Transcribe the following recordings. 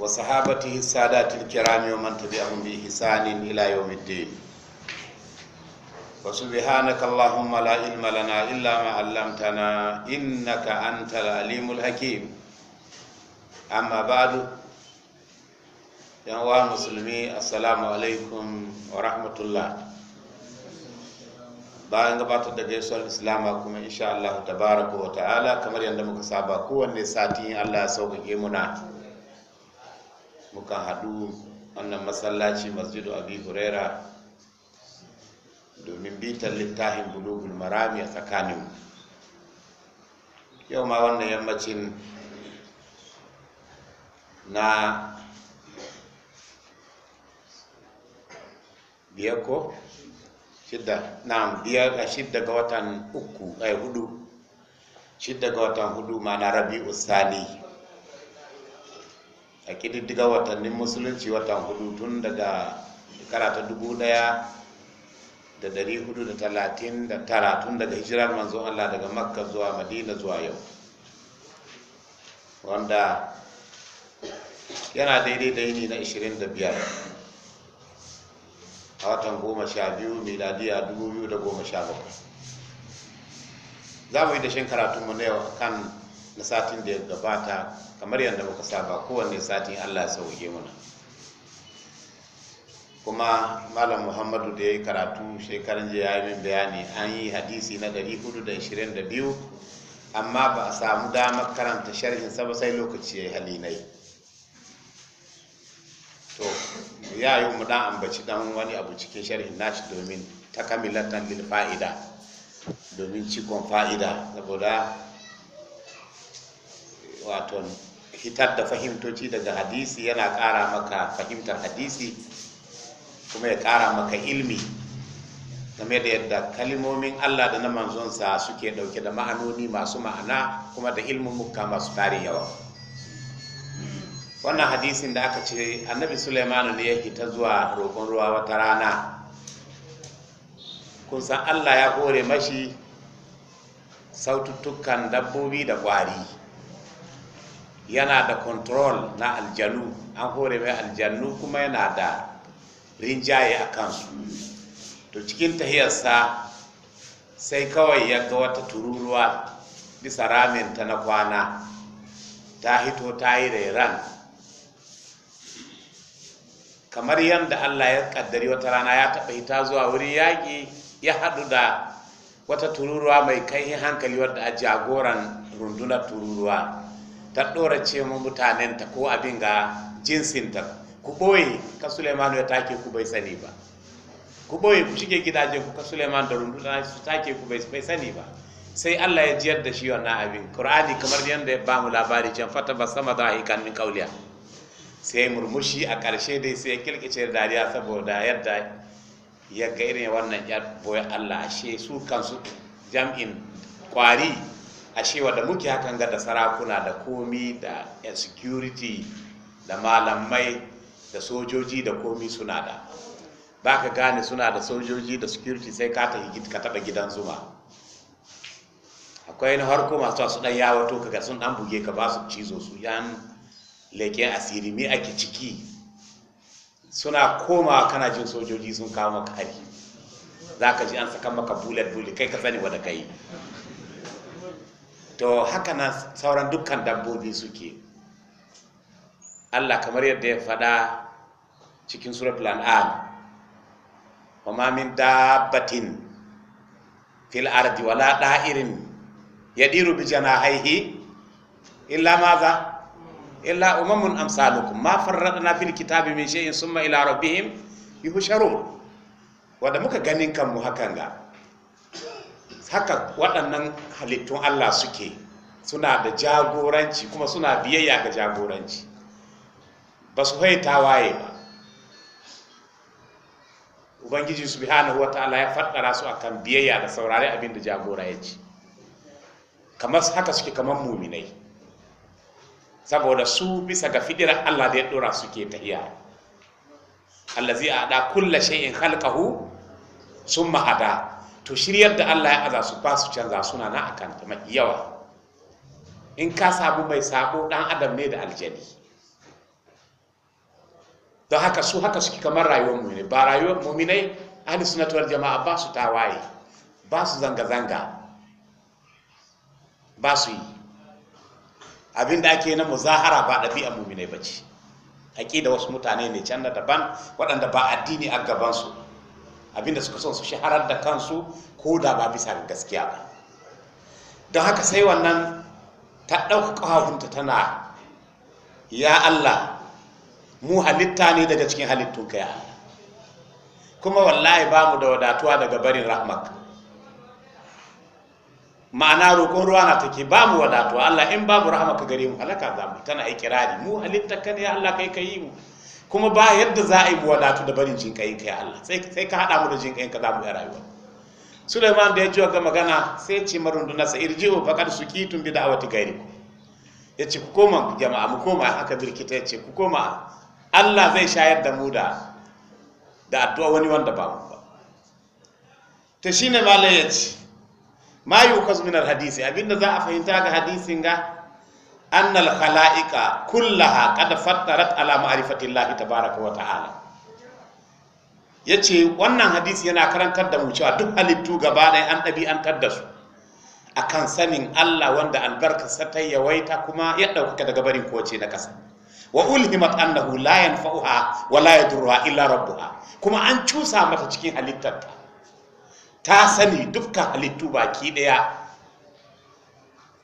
wa sahabatihi sadatil kirami wa man tabi'ahum bi ihsanin ila yawmiddin wa subhanaka allahumma la ilma lana illa ma 'allamtana innaka antal alimul hakim amma ba'du yan wa musulmi assalamu alaikum wa rahmatullah bayan gabatar da gaisuwar Islam kuma insha Allah tabaraka wa ta'ala kamar yadda muka saba kowanne sati Allah ya sauƙaƙe muna muka haɗu wannan masallaci masjidu abi huraira domin bitar littafin bulugul marami a tsakaninmu yau ma wannan yammacin na biyar ko shidda na biyar ga shidda ga watan uku ai eh, hudu shidda ga watan hudu ma na rabi'u sani a ƙididdiga watannin musulunci watan hudu tun daga karata dubu ɗaya da dari hudu da talatin da tara tun daga hijirar manzo Allah daga makka zuwa madina zuwa yau wanda yana daidai da yini na 25 a watan goma sha biyu miladiya 2017 za mu yi dashen karatunmu na yau kan na satin da ya gabata kamar yadda muka saba kowanne sati Allah sauke muna kuma malam muhammadu da ya yi karatu shekaran jiya bayani an yi hadisi na 422 amma ba a samu damar karanta sharhin sa sai lokaci ya yi halinai to ya yi mu dan ambaci dan wani abu cikin sharhin nashi domin takamilatan lil fa'ida domin cikon fa'ida saboda wato fitar da fahimtoci daga hadisi yana ƙara maka fahimtar hadisi kuma ya ƙara maka ilmi game da yadda kalimomin Allah da na manzonsa suke ɗauke da ma'anoni masu ma'ana kuma da ilmin muka masu tarin yawa wannan hadisin da aka ce annabi Sulaimanu ne ya fita zuwa roƙon ruwa wata rana kun san Allah ya hore mashi saututtukan dabbobi da ƙwari yana da control na aljanu an hore mai aljanu kuma yana da rinjaye a kansu to cikin tahiyarsa sai kawai ya ga wata tururuwa bisa ramin ta na kwana ta hito ta yi rairan kamar yadda allah ya kaddari wata rana ya taba hita zuwa wuri yaƙi ya haɗu da wata tururuwa mai kai hankali wadda a jagoran rundunar tururuwa ta ɗora ce ma ta ko abin ga jinsin ta ku ɓoye ka suleimanu ya take ku bai sani ba ku ɓoye ku shige gidaje ku ka suleimanu da runduna su take ku bai sani ba sai allah ya jiyar da shi wannan abin Kur'ani kamar yadda ya ba mu labari can fata ba sama da hikan min kauliya sai murmushi a ƙarshe dai sai ya kirkice dariya saboda yadda ya ga irin wannan yar boye allah ashe su kansu jam'in kwari cewa da muke hakan ga da sarakuna da komi da security da malamai da sojoji da komi suna da ba ka gane suna da sojoji da security sai ka ka taɓa gidan zuma akwai na harko masu wasu ɗan yawo toka sun ɗan buge ka ba su cizo su yan leken asiri me ake ciki suna koma kana jin sojoji sun kawo maka hari za ka ji an saka maka bullet bullet kai ka sani wadda ka yi to haka nan sauran dukkan dabbobi suke Allah kamar yadda ya faɗa cikin suratul an'am wa ma min dabbatin fil ardi wala da'irin yadiru bi janahihi illa maza illa umamun amsalukum ma farradna fil kitabi min shay'in summa ila rabbihim yuhsharun wanda muka ganin kanmu hakan ga haka waɗannan halittun Allah suke suna da jagoranci kuma suna biyayya ga jagoranci ba su haita waye ba ubangiji wata ala ya faɗara su akan biyayya da saurari abin da jagora ya ci kamar haka suke kamar muminai saboda su bisa ga fidira Allah da ya dora suke ta iya allazi a da kulla shay'in khalqahu summa mahada. to shiryar da Allah ya aza su ba su canza suna na akan ta mai yawa in ka sabu mai sako dan adam ne da aljani to haka su haka suke kamar rayuwar mu ne ba rayuwar muminai ahli sunnatu wal jama'a ba su tawaye ba su zanga zanga ba su yi abinda ake na muzahara ba ɗabi'ar muminai ba ce da wasu mutane ne can da daban waɗanda ba addini a gabansu abinda suka son su shaharar da kansu ko da ba bisa ga gaskiya ba don haka sai wannan ta ɗauka ƙahahunta tana ya Allah mu halitta ne daga cikin halittun kaya. kuma wallahi ba mu da wadatuwa daga barin rahmak ma'ana roƙon ruwa na take ba mu wadatuwa Allah in ba mu rahmaka gare mu halaka za mu tana ikirari mu halitta ka ne Allah kai ka yi mu kuma ba yadda za a yi wadatu da barin jinkayin kai Allah sai ka haɗa mu da jinkayin ka za mu yi rayuwa Suleiman da ya ji gama magana sai ce marunduna sa irji'u faqad tun bi da'wati ku. ya ce ku koma jama'a mu koma haka birkita ya ce ku koma Allah zai shayar da mu da da addu'a wani wanda ba mu ba Ta shine malai ya ce ma yukas min hadisi abinda za a fahimta ga hadisin ga annal khala'ika kullaha qad fattarat ala ma'rifatillahi tabaaraka wa ta'ala yace wannan hadisi yana karantar da mu cewa duk halittu gaba ɗaya an ɗabi'antar tadda su akan sanin Allah wanda albarkarsa ta yawaita kuma ya ɗaukaka daga barin kowace na kasa. wa ulhimat annahu la yanfa'uha wa la yadurruha illa rabbuha kuma an cusa mata cikin halittarta ta sani dukkan halittu baki ɗaya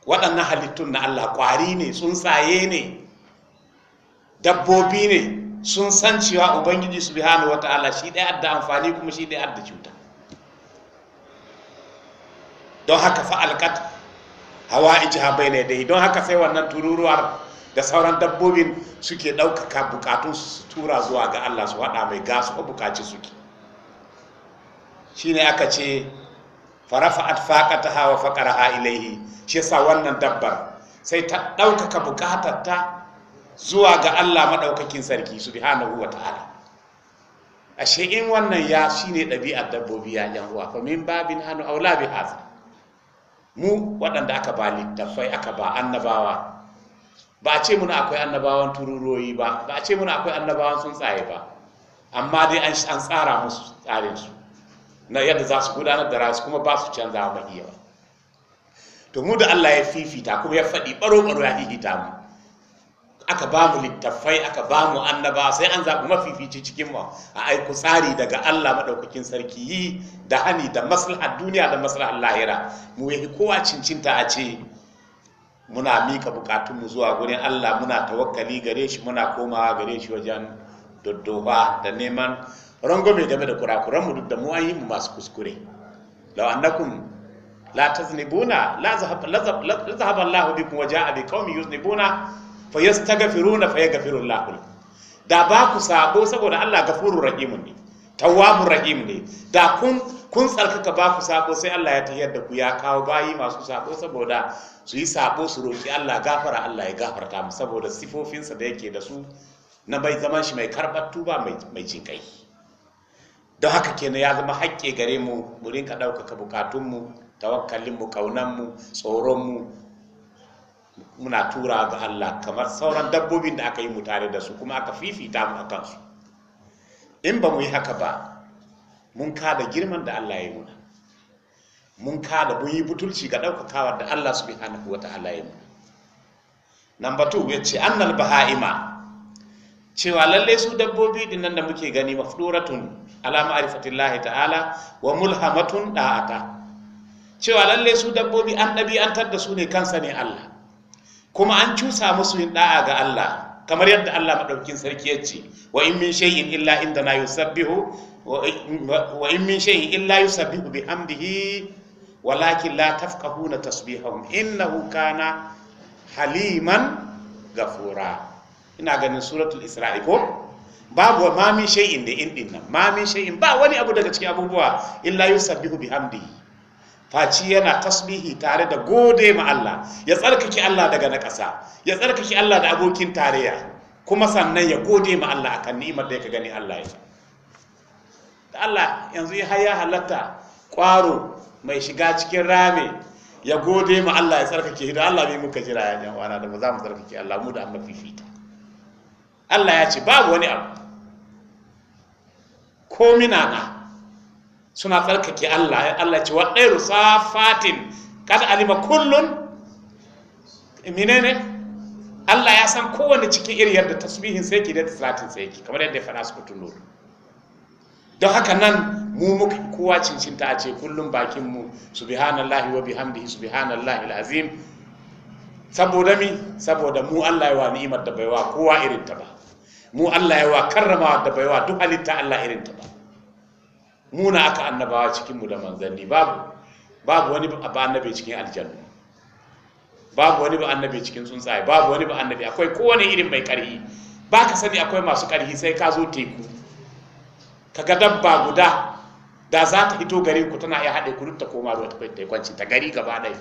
waɗannan halittun na Allah ƙwari ne tsuntsaye ne dabbobi ne sun san cewa ubangiji subhanahu wata'ala shi ɗaya adda amfani kuma shi ɗaya adda cuta don haka fa'alkat hawa ijiha bai ne dai don haka sai wannan tururuwar da sauran dabbobin suke ɗaukaka bukatun su tura zuwa ga Allah su haɗa mai gasu ko bukaci suke shi ne aka ce farafa'at faqataha wa faqaraha ilaihi shi yasa wannan dabbar sai ta ɗaukaka bukatar ta zuwa ga Allah maɗaukakin sarki subhanahu wa ta'ala ashe in wannan ya shine ɗabi'ar dabbobi ya yan uwa fa min babin hanu aula bi haza mu waɗanda aka ba littafai aka ba annabawa ba a ce muna akwai annabawan tururoyi ba ba a ce muna akwai annabawan tsuntsaye ba amma dai an tsara musu tsarinsu na yadda za su gudanar da rasu kuma ba su canza a iya ba to mu da Allah ya fifita kuma ya faɗi baro baro ya fifita mu aka ba mu littafai aka ba mu annaba sai an zaɓi mafifici cikin mu a aiku tsari daga Allah maɗaukakin sarki yi da hani da maslahar duniya da maslahar lahira mu yi kowa cincinta a ce muna mika bukatun mu zuwa gurin Allah muna tawakkali gare shi muna komawa gare shi wajen doddowa da neman mai game da kurakuran mu duk da mu ayi mu masu kuskure law annakum la taznibuna la zahab Allahu bikum wa jaa bi qaumi yuznibuna fayastaghfiruna fayaghfiru Allahu da ba ku sabo saboda Allah gafurur rahimun ne tawwabur rahim ne da kun kun tsarkaka ba ku sabo sai Allah ya tahiyar da ku ya kawo bayi masu sabo saboda su yi sabo su roki Allah gafara Allah ya gafarta mu saboda sifofinsa da yake da su na bai zaman shi mai karɓar tuba mai jinkai don haka kenan ya zama haƙƙe gare mu mu rinka ɗaukaka bukatunmu tawakkalinmu kaunanmu tsoronmu muna tura ga Allah kamar sauran dabbobin da aka yi mu tare da su kuma aka fifita mu a kansu in ba mu yi haka ba mun kada girman da Allah ya yi muna mun kada mun yi butulci ga ɗaukakawar da Allah subhanahu wa ta'ala ya muna number 2 yace annal baha'ima cewa lalle su dabbobi din nan da muke gani mafduratun ala ma'rifatillahi ta'ala wa mulhamatun da'ata cewa lalle su dabbobi an ɗabi'antar da su ne kansa ne Allah kuma an cusa musu yin da'a ga Allah kamar yadda Allah madaukin sarki yace wa in min shay'in illa inda na yusabbihu wa in min shay'in illa yusabbihu bihamdihi walakin la tafqahuna tasbihahum innahu kana haliman ghafura ina ganin suratul isra'i ko babu ma min shay'in da in dinnan ma min shay'in ba wani abu daga cikin abubuwa illa yusabbihu hamdi. faci yana tasbihi tare da gode ma Allah ya tsarkake Allah daga nakasa ya tsarkake Allah da abokin tarayya kuma sannan ya gode ma Allah akan ni'imar da yake gani Allah ya da Allah yanzu ya haya halatta kwaro mai shiga cikin rame ya gode ma Allah ya tsarkake da Allah bai muka jira yan wana da ba za mu tsarkake Allah mu da amma fifita Allah ya ce babu wani abu ko minana suna tsarkake Allah Allah ce waɗairu safatin kada alima kullun minene? Allah ya san kowane cikin iri yadda tasbihin sai ke da salatin sai ke kamar yadda ya faɗa su mutum don haka nan mu muka kowa cincinta a ce kullum bakin mu subhanallahi wa bihamdihi subhanallahi alazim saboda mi saboda mu Allah ya wa ni'imar da bai wa kowa irin ta ba mu Allah ya wa karrama da baiwa duk halitta Allah irin ta ba mu na aka annabawa cikin mu da manzanni babu babu wani ba annabi cikin aljanna babu wani ba annabi cikin tsuntsaye babu wani ba annabi akwai kowane irin mai karhi ba ka sani akwai masu karhi sai ka zo teku ka ga dabba guda da za ta hito gari ku tana iya haɗe ku duk ta koma ruwa ta kwanci ta gari gaba ɗaya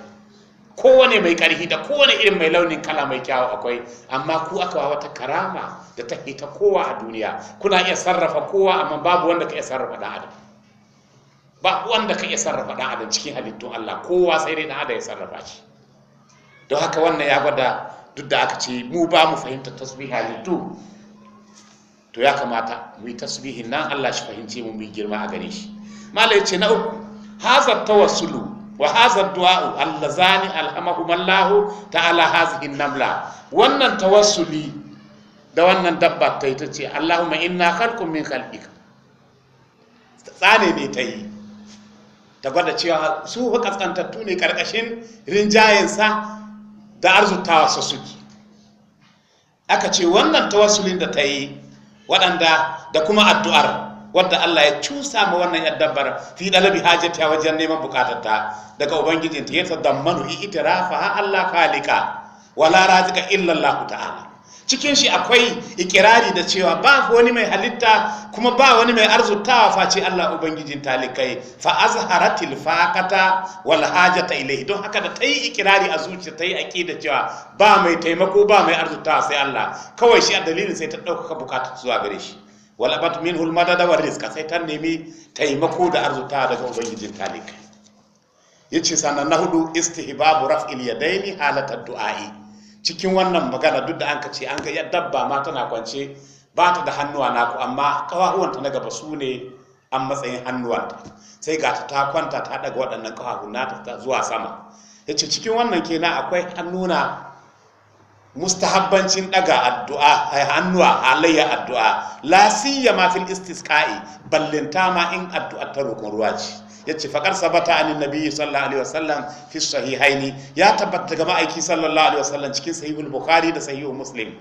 kowane mai ƙarfi da kowane irin mai launin kala mai kyawu akwai amma ku aka wa wata karama da ta hita kowa a duniya kuna iya sarrafa kowa amma babu wanda ka iya sarrafa ɗan adam ba wanda ka iya sarrafa ɗan adam cikin halittun Allah kowa sai dai na adam ya sarrafa shi don haka wannan ya gwada duk da aka ce mu ba mu fahimta tasbih halittu to ya kamata mu yi tasbihin nan Allah shi fahimce mu mu girma a gare shi malai ce na uku hazar tawassulu wa hadha du'a allazani alhamakum Allah ta'ala hadhihi namla wannan tawassuli da wannan dabba ta ita ce Allahumma inna khalqun min khalqika tsane ne ta yi ta gwada cewa su fa kaskantattu ne karkashin rinjayensa da arzutawa su suke aka ce wannan tawassulin da ta yi waɗanda da kuma addu'ar Wanda Allah ya cusa ma wannan yar dabbar fi dalabi hajati ta wajen neman ta daga ubangijin ubangijinta ya tadammanu itirafa ha Allah khaliqa wala razika illa Allah ta'ala cikin shi akwai ikirari da cewa ba wani mai halitta kuma ba wani mai arzutawa face Allah ubangijin talikai fa azharatil faqata wal hajata ilayhi don haka da tayi ikirari a zuciya tayi aqida cewa ba mai taimako ba mai arzutawa sai Allah kawai shi a dalilin sai ta dauka bukatu zuwa gare shi walabat min hulmada da rizqa sai ta nemi taimako da arzuta daga ubangijin talik yace sannan na hudu istihbabu raf'il yadaini halatar du'a'i cikin wannan magana duk da an ka ce an ga dabba ma tana kwance ba ta da hannuwa naku amma kafafuwanta na gaba su ne an matsayin hannuwanta sai ga ta kwanta ta daga waɗannan na ta zuwa sama yace cikin wannan kenan akwai hannuna mustahabbancin daga addu'a hannuwa halayya addu'a la siyama fil istisqa'i ballinta ma in addu'a ta rukun ruwa ce yace faqar sabata an nabi sallallahu alaihi wasallam fi sahihaini ya tabbata ga ma'aiki sallallahu alaihi wasallam cikin sahihul bukhari da sahihul muslim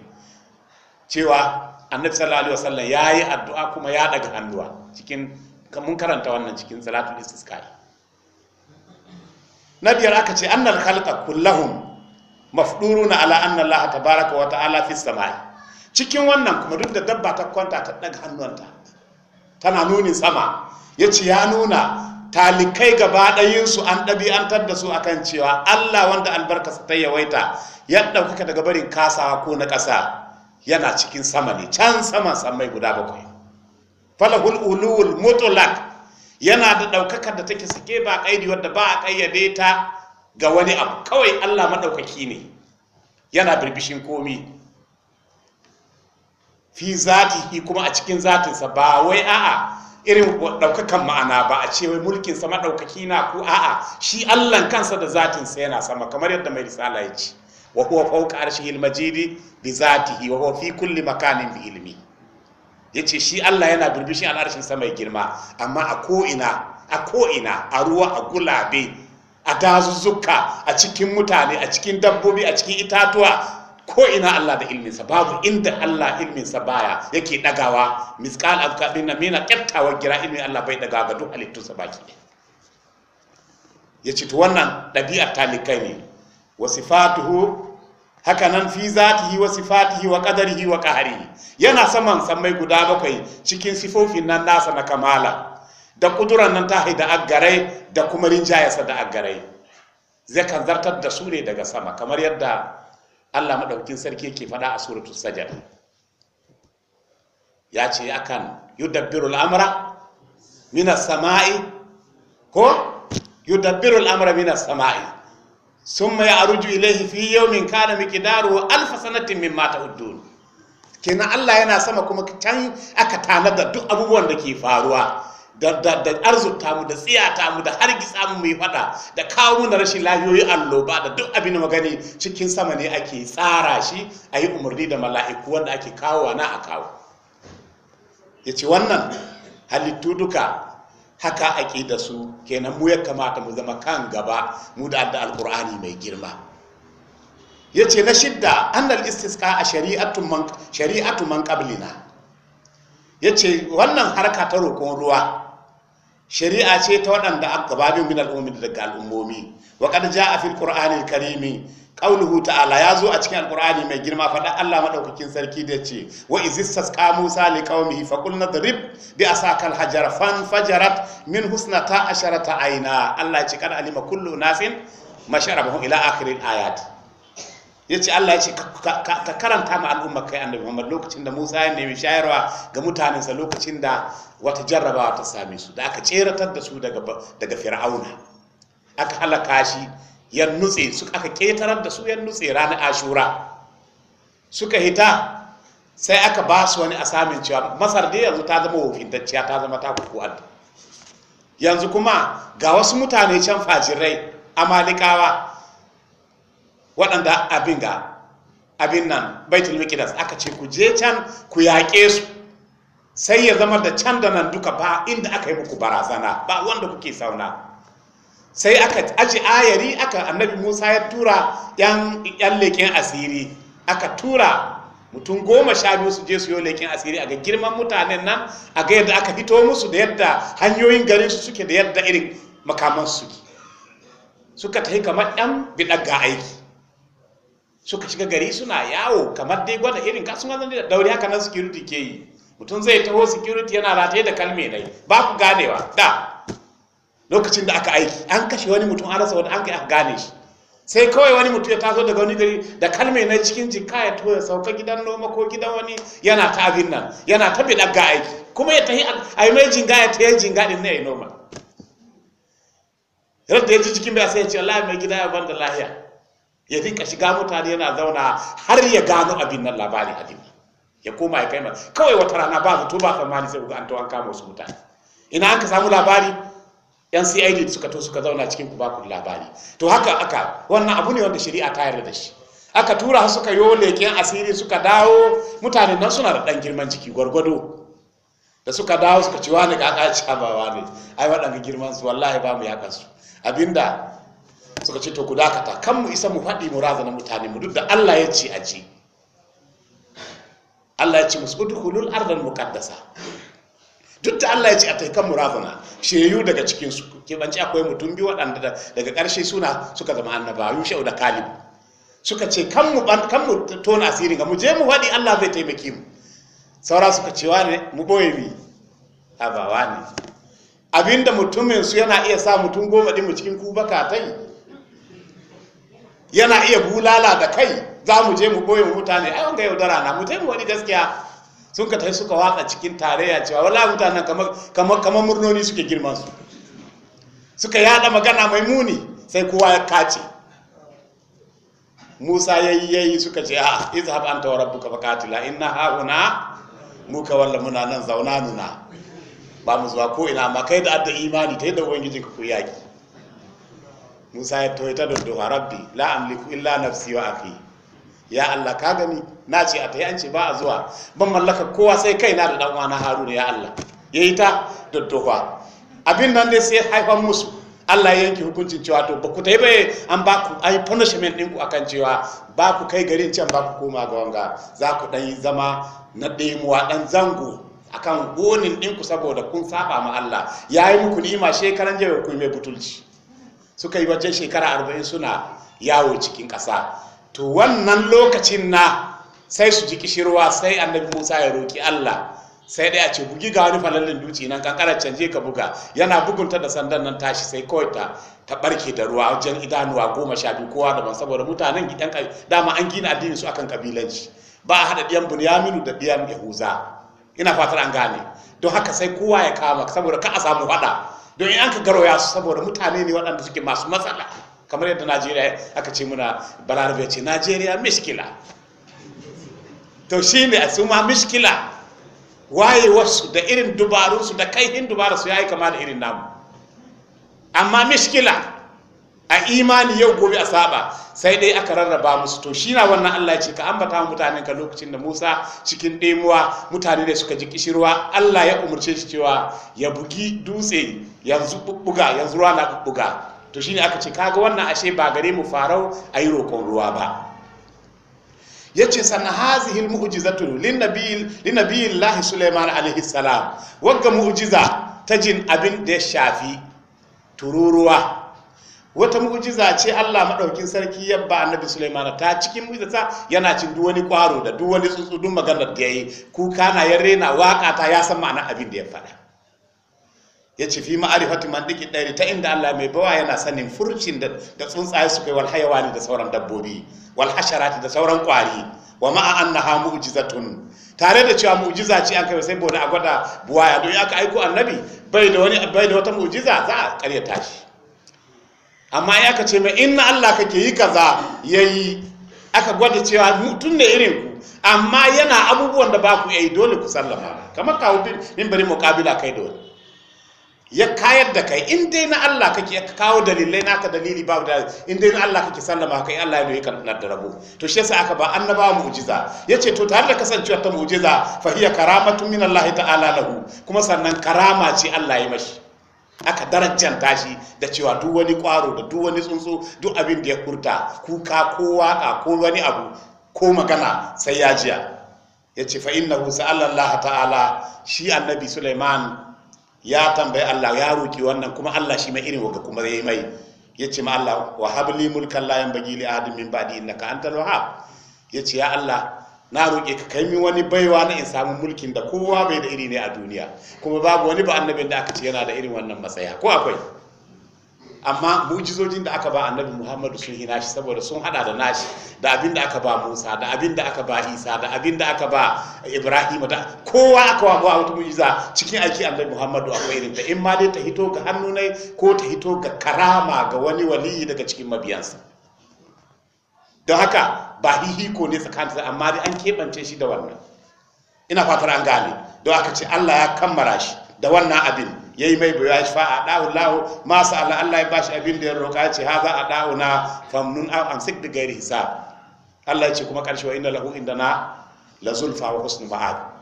cewa annabi sallallahu alaihi wasallam yayi addu'a kuma ya daga hannuwa cikin mun karanta wannan cikin salatul istisqa'i nabiyar aka ce annal khalqa kullahum mafduruna ala anna Allah tabaraka wa ta'ala fi samai cikin wannan kuma duk da dabba ta kwanta ta daga hannunta tana nunin sama ya ci ya nuna talikai gaba ɗayinsu an ɗabi'antar da su akan cewa Allah wanda sa ta yawaita ya ɗaukaka daga barin kasawa ko na ƙasa yana cikin sama ne can sama samai guda bakwai falahul ulul mutulak yana da ɗaukakar da take sake ba ƙaidi wadda ba a ƙayyade ta ga wani abu kawai Allah maɗaukaki ne yana birbishin komi fi zatihi kuma a cikin zatinsa ba wai a'a irin ɗaukakan ma'ana ba a ce wai mulkinsa maɗaukaki na ku a'a shi Allah kansa da zatinsa yana sama kamar yadda mai risala ya ce wa huwa fawqa arshihil majidi bi zatihi wa huwa fi kulli makanin bi ilmi yace shi Allah yana birbishin al'arshin sa mai girma amma a ko ina a ko ina a ruwa a gulabe a dazuzzuka a cikin mutane a cikin dabbobi a cikin itatuwa ko ina Allah da ilminsa babu inda Allah ilminsa baya yake dagawa misqal mina namina qattawa gira ilmin Allah bai daga ga duk halittunsa baki ya ce to wannan ɗabi'ar talikai ne wa sifatuhu haka nan fi zatihi wa sifatihi wa qadarihi wa qahrihi yana saman sammai guda bakwai cikin sifofin nan nasa na kamala da kuduran nan ta da aggarai da kuma rinjayarsa da aggarai zai kan zartar da su ne daga sama kamar yadda Allah maɗaukin sarki ke faɗa a suratu sajar. ya ce akan yudabbiru al'amra minas sama'i ko yudabbiru al'amra minas sama'i sun mai aruju ilaihi fi yawmin kana miqdaru alf sanatin mimma ta'uddun kenan Allah yana sama kuma can aka tanada duk abubuwan da ke faruwa da arzuta mu da tsiyata mu da hargitsa mu mai fada da kawo mu na rashin lahiyoyi alloba da duk abin magani cikin sama ne ake tsara shi a yi umarni da mala'iku wanda ake kawo na a kawo ya ce wannan halittu duka haka ake da su kenan mu ya kamata mu zama kan gaba mu da adda alkur'ani mai girma ya ce na shidda annal istiska a shari'atu man qablina ya ce wannan harka ta roƙon ruwa shari'a ce ta waɗanda aka babin min al'ummi daga al'ummomi wa ja jaa fil qur'anil karimi qawluhu ta'ala ya zo a cikin alqur'ani mai girma faɗa Allah madaukakin sarki da ce wa ka musa li qaumihi fa qulna a bi asakal hajara fan fajarat min husnata asharata aina Allah ya ce kad alima kullu nasin masharabahum ila akhiril ayat yace Allah ya ce ka karanta ma al'umma kai annabi Muhammad lokacin da Musa ya nemi shayarwa ga mutanensa lokacin da wata jarrabawa ta same su da aka ceratar da su daga fir'auna aka halaka shi Yan nutse su aka ketarar da su yan nutse ranar ashura suka hita sai aka ba su wani asamin cewa masar dai yanzu ta zama wofintacciya ta zama ta kuku yanzu kuma ga wasu mutane can fajirai amalikawa waɗanda abin ga abin nan baitul mikidas aka ce ku je can ku yaƙe su sai ya zama da can da nan duka ba inda aka yi muku barazana ba wanda kuke sauna sai aka aji ayari aka annabi musa ya tura yan leƙen asiri aka tura mutum goma sha biyu su je su yi leƙen asiri a ga girman mutanen nan a ga yadda aka fito musu da yadda hanyoyin garin su suke da yadda irin makaman suke suka tafi kamar yan ga aiki suka shiga gari suna yawo kamar dai gwada irin kasu da daure haka nan rudi ke yi mutum zai taho security yana rataye da kalme yi ba ku ganewa da lokacin da aka aiki an kashe wani mutum an rasa wani an kai gane shi sai kawai wani mutum ya taso daga wani gari da kalme na cikin jika ya toya sauka gidan noma ko gidan wani yana ta abin nan yana ta bidan ga aiki kuma ya tahi a yi mai jinga ya tayi jinga din na ya noma yadda ya ji cikin bai sai ya ce Allah mai gida ya banda lahiya ya dinka shiga mutane yana zauna har ya gano abin nan labarin abin ya koma ya kai ma kawai wata rana ba zato ba tsammani sai an to an kama wasu mutane ina an ka samu labari yan CID suka to suka zauna cikin ku ba ku labari to haka aka wannan abu ne wanda shari'a ta yarda da shi aka tura su suka yo leƙen asiri suka dawo mutane nan suna da dan girman jiki gwargwado da suka dawo suka ci wani ga aka ci ba ne ai waɗanda girman su wallahi ba mu ya su abinda suka ce to ku dakata kan mu isa mu faɗi mu razana mutane mu duk da Allah ya ce a ji Allah ya ce musu udkhulul ardal muqaddasa duk da Allah ya ce a taikan murafana sheyu daga cikin su kebanci akwai mutum biyu waɗanda daga ƙarshe suna suka zama annabawa sha'u da kalib suka ce kan mu kan mu tona asiri ga mu je mu faɗi Allah zai taimake mu saura suka ce ne mu boye mi abawa ne abinda mutumin su yana iya sa mutum goma din mu cikin kubaka tai yana iya bulala da kai za mu je mu boye mutane ai wanga yaudara na mu je mu wani gaskiya sun ka tafi suka watsa cikin tarayya cewa wala mutanen kamar murnoni suke girman su suka yada magana mai muni sai kowa ya kace Musa yayi yayi suka ce a izhab anta wa rabbuka faqatila inna hauna muka walla muna nan zauna nuna ba mu zuwa ko ina amma kai da adda imani ta da wangijin ku yaki musa ya toita da duha rabbi la amliku illa nafsi wa akhi ya allah ka gani na ce a tayi an ce ba a zuwa ban mallaka kowa sai kai na da dan uwana haruna ya allah yayi ta da abin nan dai sai haifan musu allah ya yanke hukuncin cewa to ba ku tayi ba an ba ku ai punishment ɗinku akan cewa ba ku kai garin can ba ku koma ga wanga za ku ɗan zama na ɗemuwa ɗan zango akan gonin ɗinku saboda kun saba ma allah ya yi muku ni'ima shekaran jiya ku mai butulci suka yi wajen shekara arba'in suna yawo cikin ƙasa to wannan lokacin na sai su ji kishirwa sai annabi musa ya roƙi allah sai dai a ce bugi ga wani falallin duci nan kankarar canje ka buga yana bugunta da sandan nan tashi sai kawai ta ta barke da ruwa wajen idanuwa goma sha biyu kowa daban saboda mutanen gidan dama an gina addini su akan kabilanci ba a haɗa ɗiyan bunyaminu da ɗiyan yahuza ina fatar an gane don haka sai kowa ya kama saboda ka a samu haɗa don in ka ya su saboda mutane ne waɗanda suke masu matsala kamar yadda najeriya aka ce muna balarabe ce najeriya miskila to shi ne a suma miskila wayewarsu da irin dubarunsu da kaihin dubararsu ya yi kama da irin namu amma miskila a imani yau gobe a saba sai dai aka rarraba musu to shi na wannan Allah ce ka ambata mutanen ka lokacin da Musa cikin ɗemuwa mutane da suka ji kishirwa Allah ya umarce shi cewa ya bugi dutse yanzu bubbuga yanzu ruwa na bubbuga to shine aka ce kaga wannan ashe ba gare mu farau ayi roƙon ruwa ba yace sana hazihi almu'jizatu linnabiy linnabiyillahi Sulaiman alaihi salam wagga mu'ujiza ta jin abin da ya shafi tururuwa wata mu'jiza ce Allah madaukin sarki yabba ba annabi Sulaiman ta cikin mu'jiza yana cin duk wani kwaro da duk wani tsuntsu duk maganar da yayi kuka na ya rena waka ta ya san ma'anar abin da ya faɗa ya ce fi ma'arifatu man diki ɗari ta inda Allah mai bawa yana sanin furcin da tsuntsaye su kai wal hayawani da sauran dabbobi wal hasharati da sauran kwari wa ma'a annaha mu'jizatun tare da cewa mu'jiza ce an kai sai bone a gwada buwaya don aka aiko annabi bai da wani bai da wata mu'jiza za a karyata shi amma ya ka ce mai inna Allah kake yi kaza yayi aka gwada cewa mutum ne irin ku amma yana abubuwan da ba ku yi dole ku sallama kamar kawo min bari muƙabila kai da ya kayar da kai in dai na Allah kake ka kawo dalilai naka dalili babu da in dai na Allah kake sallama kai Allah ya yi na da rabo to shi yasa aka ba annabawa mu'jiza ce to tare da kasancewa ta mu'jiza fa hiya karamatun min Allah ta'ala lahu kuma sannan karama ce Allah ya mashi aka darajanta shi da cewa duk wani kwaro da duk wani tsuntsu duk abin da ya kurta kuka ko waka ko wani abu ko magana sai ya jiya ya ce na innahu Allah ta'ala shi annabi Sulaiman ya tambayi Allah ya roki wannan kuma Allah shi mai irin waga kuma zai mai ya ce ma Allah wa habli mulkan layan yanbaghi li ahadin min ba'di innaka antal wahhab ya ce ya Allah na roƙe ka kai min wani baiwa na in samu mulkin da kowa bai da iri ne a duniya kuma babu wani ba annabin da aka ce yana da irin wannan matsaya ko akwai amma mu'jizojin da aka ba annabi muhammadu sun hina shi saboda sun hada da nashi da abin da aka ba musa da abin da aka ba isa da abin da aka ba ibrahim da kowa aka wa wata mu'jiza cikin aiki annabi muhammadu akwai irin da. in ma dai ta hito ga hannu ne ko ta hito ga karama ga wani waliyi daga cikin mabiyansa don haka ba hihiko ne tsakanin tsakaninsa amma dai an keɓance shi da wannan ina fatar an gane don aka ce Allah ya kammara shi da wannan abin ya yi mai ya shi fa'a ɗahu lahu masu Allah Allah ya bashi abin da ya roƙa ce ha za a ɗahu na famnun an sik da gairi hisab Allah ya ce kuma ƙarshe wa inda lahu inda na la zulfa wa husnu ma'ad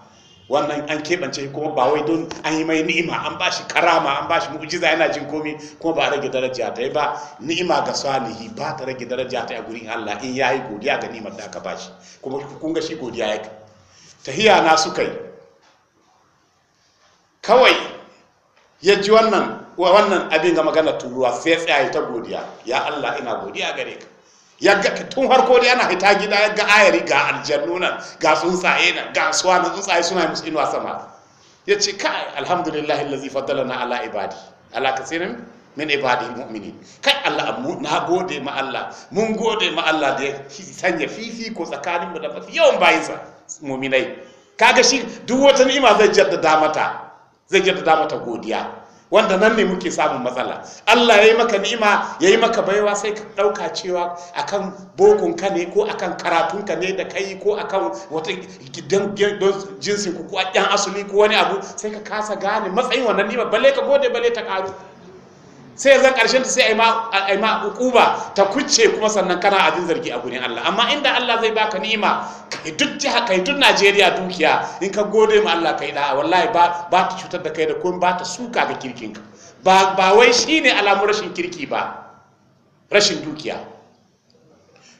wannan an keɓance kuma ba wai don an yi mai ni'ima an ba shi karama an ba shi mu'jiza yana jin komi kuma ba a rage daraja ta ba ni'ima ga salihi ba ta rage daraja ta a gurin Allah in yayi godiya ga ni'imar da aka ba shi kuma kun shi godiya ta tahiya na suka yi kawai ya ji wannan wannan abin ga magana turuwa sai ya ta godiya ya Allah ina godiya gare ka yagga tun harko da yana hita gida yagga ayari ga aljannu nan ga tsuntsaye nan ga suwa na tsuntsaye suna musu inuwa sama ya ce kai alhamdulillah fadala na ala ibadi ala kasirin min ibadi mu'mini kai Allah na gode ma mun gode ma Allah da ya sanya tsakanin mu da mafi yawan bayinsa mu'minai kaga shi duk wata ni'ima zai jaddada mata zai jaddada mata godiya wanda nan ne muke samun matsala Allah ya yi maka ni'ima ya yi maka baiwa sai ka ɗauka cewa akan bokunka ne ko akan karatunka ne da kai ko akan wata gidan jinsin ku ko ɗan asali ko wani abu sai ka kasa gane matsayin wannan ni'ima bale ka gode balle ta karu sai zan karshen ta sai yi ma hukuma ta kuce. kuma sannan kana abin zargi a gurin Allah amma inda Allah zai baka ni'ima kai duk jiha kai duk Najeriya dukiya in ka gode ma Allah kai da'a. wallahi ba ba ta cutar da kai da kuma ba ta suka ga kirkin ka ba ba wai shine alamun rashin kirki ba rashin dukiya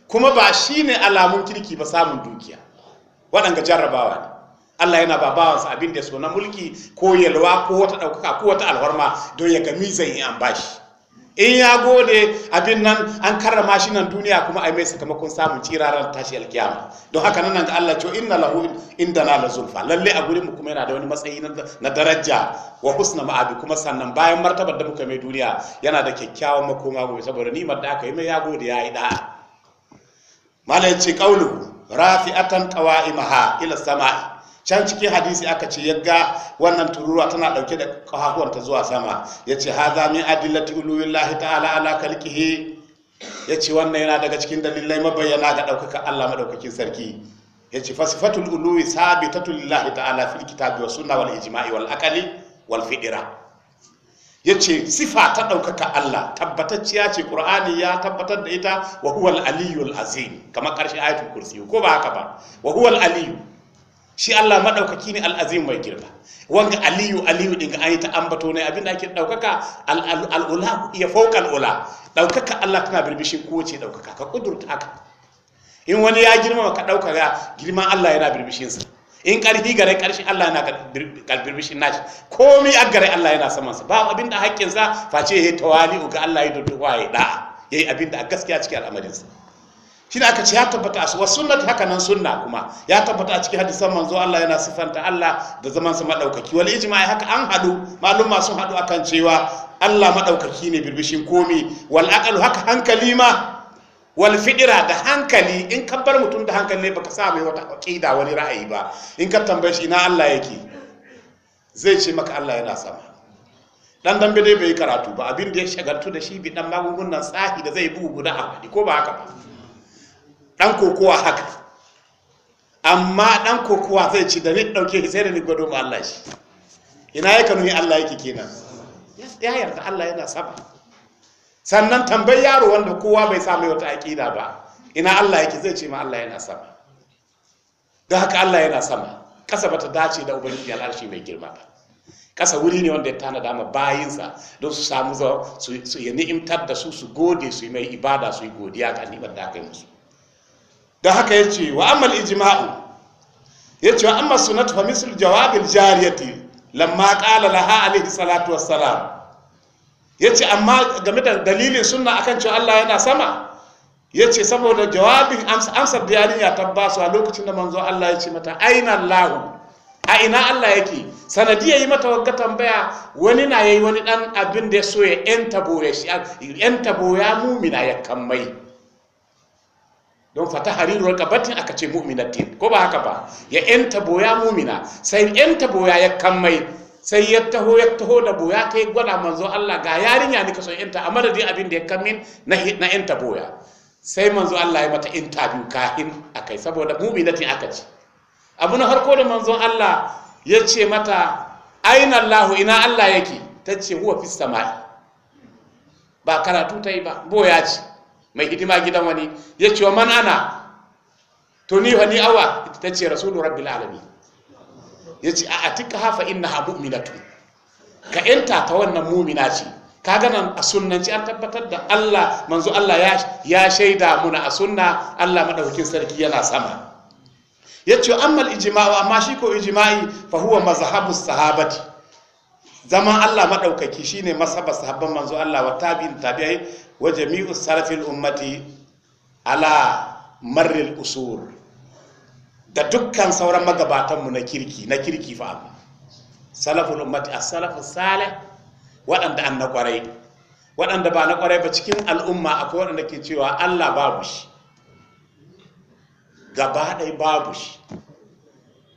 kuma ba shine alamun kirki ba samun dukiya waɗanga jarrabawa ne Allah yana ba bawansa abin da so na mulki ko yalwa ko wata ɗaukaka ko wata alwarma don ya gami zai yi an bashi in ya gode abin nan an karrama shi nan duniya kuma ai mai sakamakon samun ciraran tashi alkiyama don haka nan ga Allah cewa inna lahu indana la zulfa lalle a gurin kuma yana da wani matsayi na daraja wa husna ma'abi kuma sannan bayan martabar da muka mai duniya yana da kyakkyawan makoma gobe saboda ni'imar da aka yi mai ya gode ya yi da malai qawlu rafi'atan qawa'imaha ila sama'i can cikin hadisi aka ce ya ga wannan tururuwa tana dauke da kafafuwanta zuwa sama Ya yace hadha mi adillati uluwillahi ta'ala ala kalkihi ce wannan yana daga cikin dalilai mabayyana ga daukaka Allah madaukakin sarki Ya ce fasifatul uluwi sabitatu lillahi ta'ala fil kitabi wa sunna wal ijma'i wal aqli wal fidira ce sifa ta ɗaukaka Allah tabbatacciya ce ƙur'ani ya tabbatar da ita wa huwal aliyul azim kamar karshe ayatul kursi ko ba haka ba Wahuwal Aliyu. shi Allah madaukaki ne al'azim mai girma wanga aliyu aliyu din ayi ta ambato ne abinda ake daukaka al'ula ya fauka al'ula daukaka Allah tana birbishin kowace daukaka ka kudurta haka in wani ya girma ka dauka ga girman Allah yana birbishin sa in karfi gare karshe Allah yana kalbirbishin nashi komai a gare Allah yana saman sa ba abinda hakkin sa face yayi tawali'u ga Allah ya dudduwa waye da yayi abinda a gaskiya cikin al'amarin sa shine aka ce ya tabbata a wa sunnat haka nan sunna kuma ya tabbata a cikin hadisan manzo Allah yana sifanta Allah da zaman sa madaukaki wal ijma'i haka an hadu maluma sun hadu akan cewa Allah maɗaukaki ne birbishin komi wal aqalu haka hankali ma wal fidira da hankali in ka bar mutum da hankali ne baka sa mai wata aqida wani ra'ayi ba in ka tambaye shi ina Allah yake zai ce maka Allah yana sama dan dambe dai bai karatu ba abin da ya shagaltu da shi bi dan magungunan tsahi da zai bugu guda a ko ba haka ba dan kokowa haka amma dan kokowa zai ci da ni dauke sai da ni gado ma Allah shi ina yake kanu Allah yake kenan ya yarda Allah yana sama sannan tambayi yaro wanda kowa bai samu wata aqida ba ina Allah yake zai ce ma Allah yana sama don haka Allah yana sama ƙasa bata dace da ubangiji al'arshi mai girma ba ƙasa wuri ne wanda ya da ma bayinsa don su samu su ya ni'imtar da su su gode su yi mai ibada su yi godiya ga ni'imar da aka yi musu Da haka ya ce wa ammal ijma'u ya ce wa amma sunatu fa misal jawabil jariyati lamma qala laha alaihi salatu wassalam ya ce amma game da dalilin sunna akan cewa Allah yana sama ya ce saboda jawabin amsar da yarinya ta tabbasu a lokacin da manzo Allah ya ce mata aina lahu a ina Allah yake sanadiyar yi mata wagga tambaya wani na yayi wani dan abin da ya so ya yan tabo ya mumina ya kammai don fata hariruwar kabatin aka ce mu'minatin ko ba haka ba ya yanta boya mumina sai yanta boya ya kammai sai ya taho ya taho da boya ta yi gwada manzo Allah ga yarinya ne ka son a madadin abin da ya kammin na enta boya sai manzo Allah ya mata interview kahin kai, saboda mu'minatin aka ce abu na harko da manzo Allah ya ce mata aina Allah ina Allah yake ta ce huwa fis sama'i ba karatu ta yi ba boya ce mai hidima gidan wani ya ce wa man ana to ni wani awa ta ce rasulu rabbil alami ya ce a atika hafa inna ha mu'minatu ka yanta ta wannan mumina ce kaga nan a sunnanci an tabbatar da Allah manzo Allah ya shaida muna a sunna Allah madaukakin sarki yana sama yace ammal ijma'u amma shi ko ijima'i. fa huwa mazhabus sahabati zaman Allah madaukaki shine ba sahabban manzo Allah wa tabi'in tabi'ai wa jami'u salafil ummati ala marril usur da dukkan sauran magabatanmu na kirki na kirki fa salafin ummati as-salafu salih waɗanda an na ƙwarai waɗanda ba na kwarai ba cikin al'umma akwai waɗanda ke cewa Allah babu shi gaba babu shi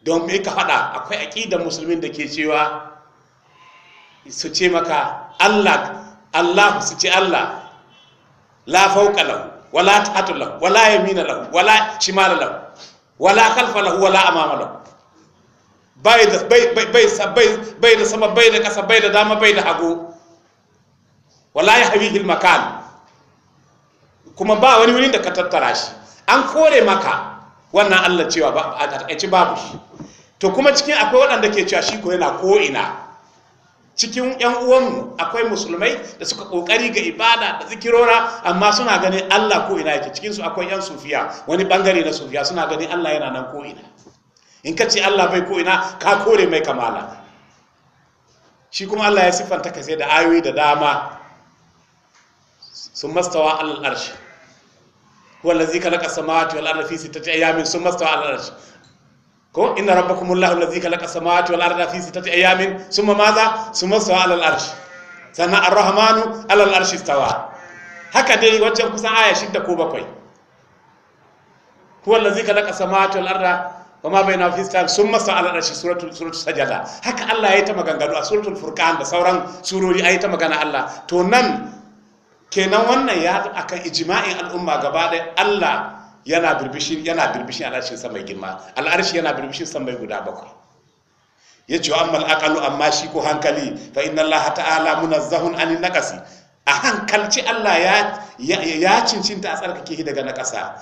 don me ka faɗa akwai aƙidar musulmin da ke cewa su ce maka Allah Allah su ce Allah la fawqa lahu wala tahtu lahu wala yamina lahu wala shimala lahu wala khalfa lahu wala amama lahu bai da bai bai bai da sama bai da kasa bai da dama bai da hagu wala yahwihi al-makan kuma ba wani wurin da ka tattara shi an kore maka wannan Allah cewa ba a ci babu shi to kuma cikin akwai waɗanda ke cewa shi ko yana ko ina cikin yan uwanmu akwai musulmai da suka kokari ga ibada da zikirora amma suna ganin Allah ko ina yake cikin su akwai yan sufiya wani bangare na sufiya suna ganin Allah yana nan ko ina in ka ce Allah bai ko ina ka kore mai kamala shi kuma Allah ya siffanta ka sai da ayoyi da dama sun mastawa al'arshi wallazi kana allazi wal arda fi sittati ayamin sun mastawa al'arshi ko inna Allah allazi khalaqa samawati wal arda fi sittati ayamin summa maza summa sawa al arsh sana ar-rahmanu al arsh istawa haka dai wajen kusan aya shidda ko bakwai huwa allazi khalaqa samawati wal arda ma bayna fi sittati summa sawa al arsh suratul suratul sajada haka Allah ya yi ta maganganu a suratul furqan da sauran surori ayi ta magana Allah to nan kenan wannan ya akan ijma'in al'umma gaba da Allah yana birbishin yana birbishin al'arshin sama mai girma al'arshi yana birbishin sama guda bakwai ya ce amma al'aqalu amma shi ko hankali fa inna allaha ta'ala munazzahun anin naqasi a hankalci Allah ya ya cincinta a tsarkake shi daga naƙasa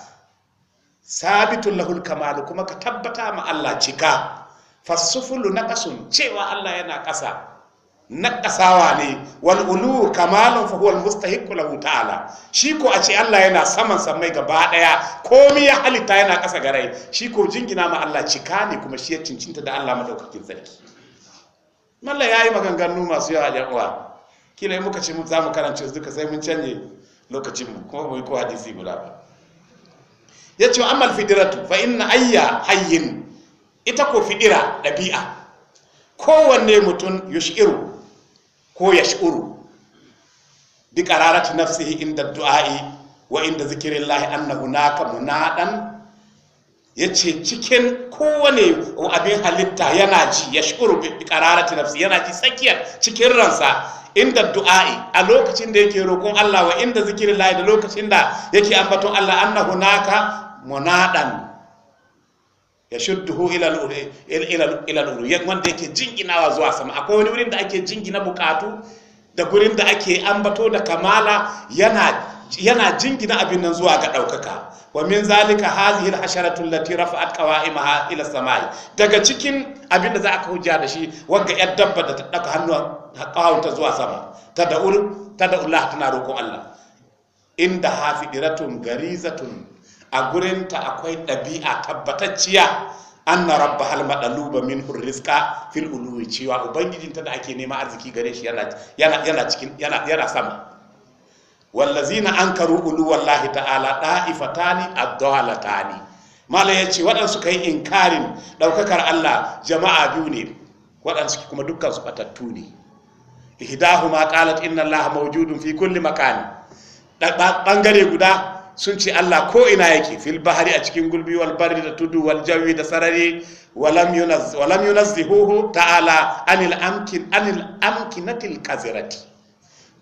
sabitun lahul kamalu kuma ka tabbata ma Allah cika fasufulu naqasun cewa Allah yana ƙasa Naƙasawa ne wal kamalin kamalun fa huwa mustahiqqu lahu ta'ala shi ko a ce Allah yana saman samai gaba daya komi ya halitta yana ƙasa garai shi ko jingina ma Allah cika ne kuma shi ya cincinta da Allah madaukakin sarki ya yayi maganganu masu yawa yan uwa kila muka ce mun zamu karance duka sai mun canje lokacin mu kuma mu yi ko hadisi guda ba yace amma fidratu fa inna ayya hayyin ita ko fidira dabi'a kowanne mutum yushiru ko yash'uru bi qararati nafsihi inda du'a'i wa inda zikrillahi annahu naka munadan yace cikin kowane abin halitta yana ji yash'uru bi nafsi yana ji tsakiyar cikin ransa inda du'a'i a lokacin da yake roƙon Allah wa inda lahi da lokacin da yake ambaton Allah annahu naka munadan ya shudduhu ila nuru ya wanda yake jinginawa zuwa sama akwai wani wurin da ake jingina bukatu da gurin da ake ambato da kamala yana yana jingina abin nan zuwa ga ɗaukaka wa min zalika hazihi alhasharatu allati rafa'at qawa'imaha ila samai daga cikin abin da za a hujja da shi wanga yar dabba da ta daka a kawunta zuwa sama tad'u tad'u Allah tana roƙon Allah inda hafidiratun garizatun a gurinta akwai ɗabi'a tabbatacciya anna rabba hal madaluba min rizqa fil uluwi cewa ubangijin ta da ake nema arziki gare shi yana yana yana cikin yana yana sama wallazina ankaru ulu wallahi ta'ala da'ifatani ad-dalatani mala yace waɗansu kai inkarin daukakar Allah jama'a biyu ne waɗansu kuma dukkan su batattu ne ihdahuma qalat inna allaha mawjudun fi kulli makan bangare guda sun ce Allah ko ina yake fil bahari a cikin gulbi wal barri da tudu wal jawi da sarari walam yunaz walam yunazzihuhu ta'ala anil amkin anil amkinatil kazirati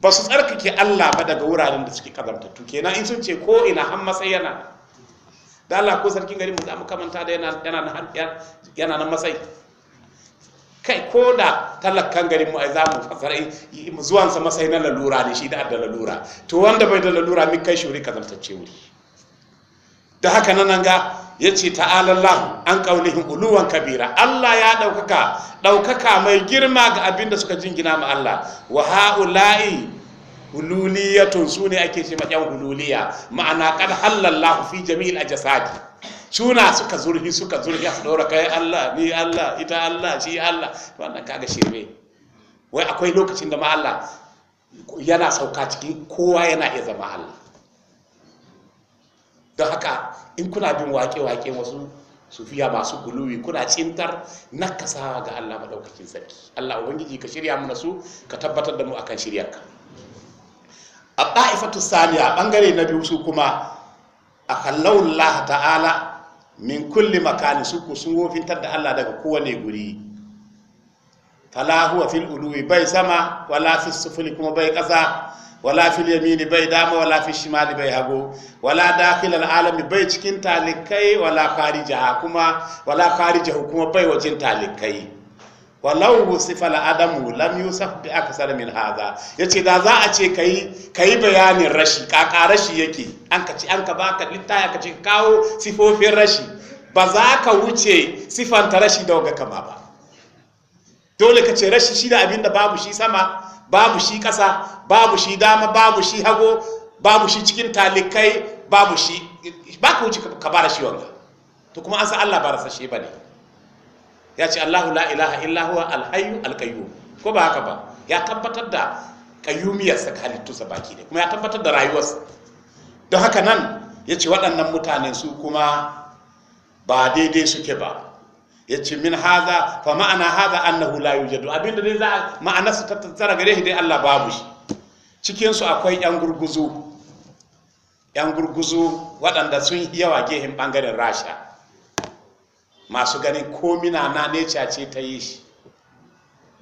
ba su tsarkake Allah ba daga wuraren da suke kazantattu kenan in sun ce ko ina har matsayi yana da Allah ko sarkin gari mu za mu kamanta da yana yana yana nan matsayi kai ko da talakkan garin mu ai za mu fasara zuwansa masai na lalura ne shi da adda lalura to wanda bai da lalura mi kai shi kazantacce wuri da haka nan ga yace ce ta'alallahu an kaunihin uluwan kabira Allah ya ɗaukaka ɗaukaka mai girma ga abin da suka jingina ma Allah wa ha'ula'i hululiyatun su ne ake ce ma yan hululiya ma'ana kad halallahu fi jami'il jasadi suna suka zurfi suka zurfi su daura kai Allah ni Allah ita Allah shi Allah wannan kaga shirme wai akwai lokacin da ma Allah yana sauka cikin kowa yana iya zama Allah don haka in kuna bin wake-wake wasu sufiya masu guluwi kuna cintar nakasawa ga Allah madaukakin sarki Allah ubangiji ka shirya mu su ka tabbatar da mu akan shiryarka a ta'ifatu saniya bangare na biyu su kuma a kallon Allah ta'ala min kulli makani su ku sun wofintar da Allah daga kowane guri fala huwa fil uluwi bai sama wala fi sufuli kuma bai kasa wala fil yamini bai dama wala fi shimali bai hago wala dakhil al alami bai cikin talikai wala kharijaha kuma wala kharijahu kuma bai wajen talikai walau wusifa adamu lam yusaf bi aksar min hadha yace da za a ce kai kai bayanin rashi kaka rashi yake an ka ci an ka baka littaya ka kawo sifofin rashi ba za ka wuce sifanta rashi da waga kama ba dole ka ce rashi shi da abinda babu shi sama babu shi kasa babu shi dama babu shi hago babu shi cikin talikai babu shi ba ka wuce ka bara shi wanga to kuma an san Allah ba rasa shi bane ya ce Allahu la ilaha illa alhayu alhayyu ko ba haka ba ya tabbatar da qayyumiyarsa halittunsa baki ne kuma ya tabbatar da rayuwarsa don haka nan ya ce waɗannan mutane su kuma ba daidai suke ba ya ce min haza fa ma'ana haza annahu la yujadu abinda dai za ma'ana ta tattara gare shi dai Allah babu shi cikinsu akwai yan gurguzu yan gurguzu waɗanda sun yawa gehin bangaren rasha masu ganin komina na neca ce ta yi shi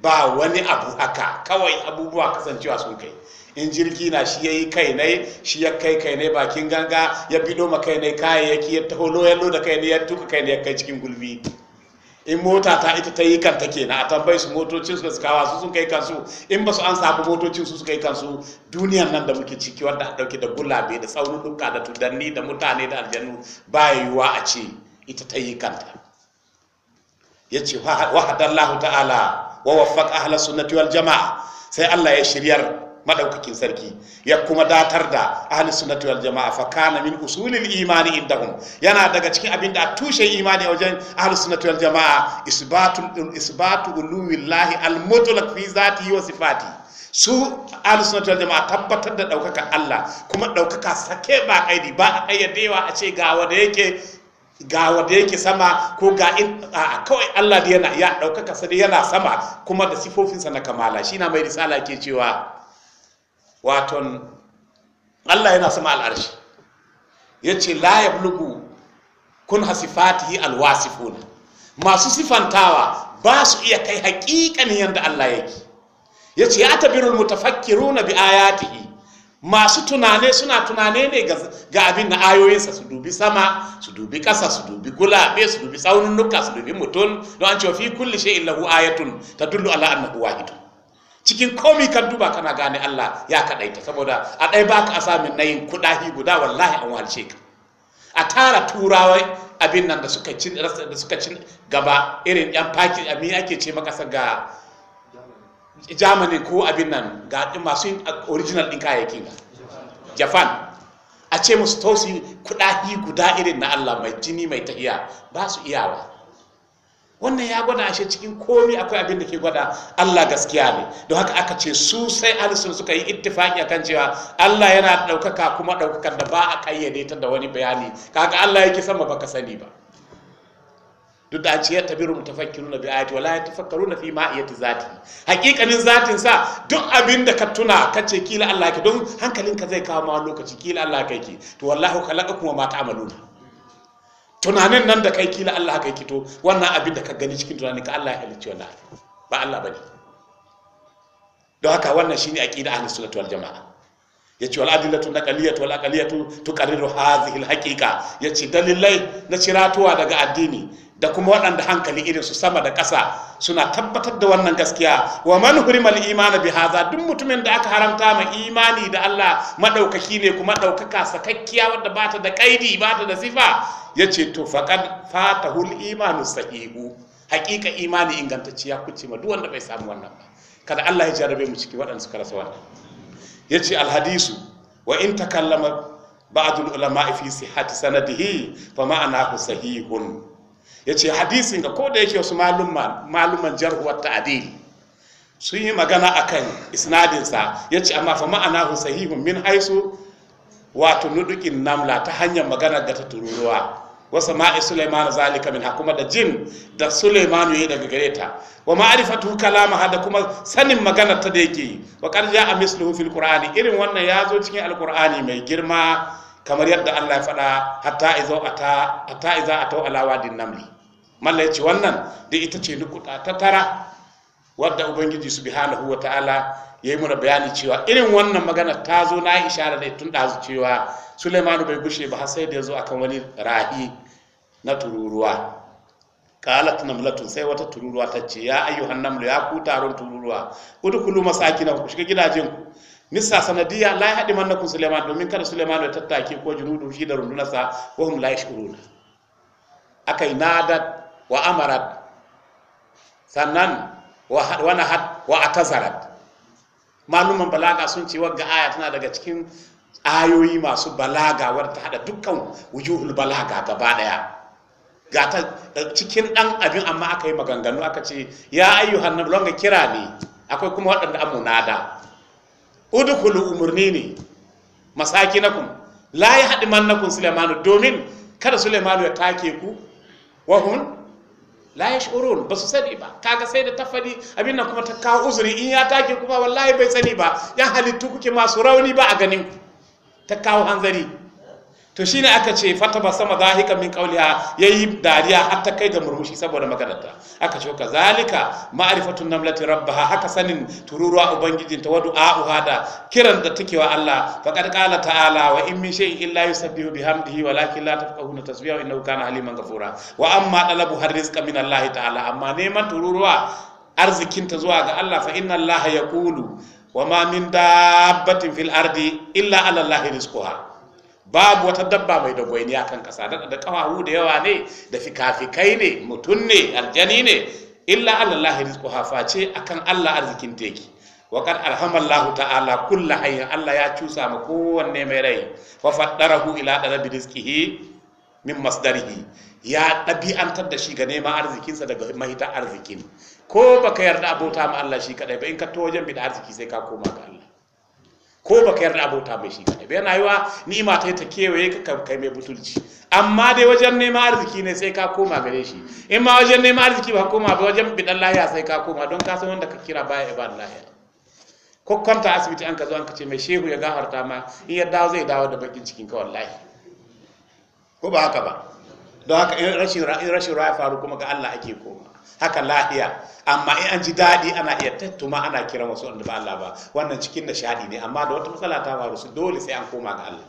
ba wani abu aka kawai abubuwa kasancewa sun kai in jirgi na shi ya yi kai ne shi ya kai kai ne bakin ganga ya bido ma kai ne kayayyaki ya taho ya loda kai ne ya tuka kai ne ya kai cikin gulbi in mota ta ita ta yi kanta kenan a tambayi su motocin su da wasu sun kai kansu in ba su an samu motocin su su kai kansu duniyan nan da muke ciki wanda a dauke da gulabe da tsaunuka da tudanni da mutane da aljanu ba yiwuwa a ce ita ta yi kanta yace wahadallahu ta'ala wa waffaq ahla sunnati wal jamaa sai Allah ya shiryar maɗaukakin sarki ya kuma datar da ahli sunnati wal jamaa fa kana min usulil imani indahum yana daga cikin abin da tushe imani a wajen ahli sunnati wal jamaa isbatul isbatu uluwillahi al mutlaq fi zatihi wa sifati su ahli sunnati wal jamaa tabbatar da ɗaukaka Allah kuma ɗaukaka sake ba kaidi ba a kayyadewa a ce ga wanda yake ga wanda yake sama ko ga in a kawai Allah da yana ya ɗaukaka sada yana sama kuma da sifofinsa na kamala shi na mai risala ke cewa waton Allah yana sama al'arshi ya ce la ya bulugu kun hasifatihi alwasifun masu sifantawa ba su iya kai hakikanin yadda Allah yake ya ce ya tabirul mutafakkiruna bi ayatihi masu tunane suna tunane ne ga abin na ayoyinsa su dubi sama su dubi ƙasa su dubi gulabe su dubi tsaunuka, su dubi mutum don an cewa fi kulli illa lahu ayatun tadullu ala annahu wahidun cikin komi kan duba kana gane Allah ya kadaita saboda a dai baka a asamin nayin kuɗahi guda wallahi an walce ka a tara turawa abin nan da suka cin gaba irin yan faki abin ake ce makasa ga germany ko abin nan ga masu original din kayayyakin ga japan a ce musu tosi kudahi guda irin na allah mai jini mai tahiya ba su iyawa wannan ya gwada ashe cikin komi akwai abin da ke gwada allah gaskiya ne don haka aka ce su sai alisun suka yi ittifaki kan cewa allah yana ɗaukaka kuma ɗaukakar da ba a kayyade ta da wani bayani kaga allah ya yake sama baka sani ba duk da ce ya tabiru mutafakkiruna bi ayati wala na fi ma'iyati zati hakikanin zatin sa duk abin da ka tuna ce kila Allah ke don hankalinka zai kawo ma lokaci kila Allah kai ke to ka khalaqakum wa ma ta'maluna tunanin nan da kai kila Allah kai to wannan abin da ka gani cikin tunanin ka Allah ya halicci wala ba Allah bane don haka wannan shine aqida ahlus sunnah wal jamaa yace wal adillatu naqaliyatu wal aqaliyatu tuqarriru hadhihi al haqiqa yace dalilai na ciratuwa daga addini da kuma waɗanda hankali irin su sama da ƙasa suna tabbatar da wannan gaskiya wa man hurimal imana bi hadha duk mutumin da aka haramta ma imani da Allah madaukaki ne kuma daukaka sakakkiya wadda bata da kaidi bata da sifa yace to faqad fatahul imanu sahihu hakika imani ingantacciya kuce ma duk wanda bai samu wannan ba kada Allah ya jarabe mu ciki waɗanda suka rasa wannan yace hadisu, wa in takallama ba'd ulama fi sihhati sanadihi fa ma'anahu sahihun yace hadisin ga ko da yake wasu maluman jarhuwar wa ta'dil sun yi magana a kan isnadinsa ya ce amma fa ma'ana sahihun min haisu wato nudukin namla ta hanyar magana da ta tururuwa wasa ma'i suleiman zalika min kuma da jin da suleiman yi daga gare ta wa ma'rifatu kalama hada kuma sanin magana ta da yake wa qad ja'a misluhu fil qur'ani irin wannan ya zo cikin alqur'ani mai girma kamar yadda Allah ya faɗa hatta izo ata hatta iza atau ala wadin namli malla yace wannan da ita ce nukuta ta tara wadda ubangiji subhanahu wa ta'ala yayi mana bayani cewa irin wannan magana ta zo na isharar da tun da cewa suleimanu bai gushe ba sai da yazo akan wani rahi na tururuwa kalat namlatun sai wata tururuwa ta ce ya ayyuhan namlu ya ku taron tururuwa udkhulu masakinakum ku shiga gidajen ku nisa sanadiyya la haɗi mannakun suleiman domin kada suleiman ya tattake ko junudu shi da rundunarsa wa hum la yashkuruna akai nadat wa amarat sannan wa nahat wa atazarat maluman balaga sun ce wagga aya tana daga cikin ayoyi masu balaga wadda ta hada dukkan wujuhul balaga gaba daya ga ta cikin dan abin amma aka yi maganganu aka ce ya ayyuhan nabi longa kira ne akwai kuma waɗanda amunada udkhulu umurni ne masakinakum la yahdimannakum Suleimanu domin kada Suleimanu ya take ku wa layi la yash'urun basu sani ba kaga sai da tafadi abin nan kuma ta kawo uzuri in ya take ku ba wallahi bai sani ba ya halittu kuke masu rauni ba a ganin ta kawo hanzari to shine aka ce fata ba sama zahika min ya yi dariya har ta kai da murmushi saboda maganarta aka ce ka zalika ma'rifatun namlati rabbaha haka sanin tururuwa ubangijinta wa du'a'uha uhada kiran da take wa Allah faqad qala ta'ala wa in min shay'in illa yusabbihu bihamdihi walakin la tafqahuna tasbihahu innahu kana haliman ghafura wa amma talabu harrizqa min Allah ta'ala amma neman tururuwa arzikinta zuwa ga Allah fa inna Allah yaqulu wa ma min dabbatin fil ardi illa ala Allah rizquha babu wata dabba mai dagwaini a kan kasa da kafafu da yawa ne da fikafikai ne mutum ne aljani ne illa allah rizqu haface akan allah arzikin teki Waƙar alhamallahu ta'ala kulla hayyin allah ya cusa ma kowanne mai rai wa faddarahu ila darabi rizqihi min masdarihi ya ɗabi'antar da shi ga nema arzikinsa daga mahita arzikin ko baka yarda abota ma allah shi kadai ba in ka to wajen bi arziki sai ka koma ga allah ko baka yarda abota mai shi kadai yana yiwa ni'ima ta ta kewaye ka kai mai butulci amma dai wajen neman arziki ne sai ka koma gare shi in ma wajen neman arziki ba koma ba wajen bidan lahiya sai ka koma don ka san wanda ka kira baya ibada lahiya ko kwanta asibiti an ka zo an ka ce mai shehu ya gafarta ma in ya dawo zai dawo da bakin cikin ka wallahi ko ba haka ba don haka in rashin rashin faru kuma ga Allah ake koma haka lahiya amma in an ji daɗi ana iya tattuma ana kiran wasu wanda ba Allah ba wannan cikin nishaɗi ne amma da wata matsala ta faru su dole sai an koma ga Allah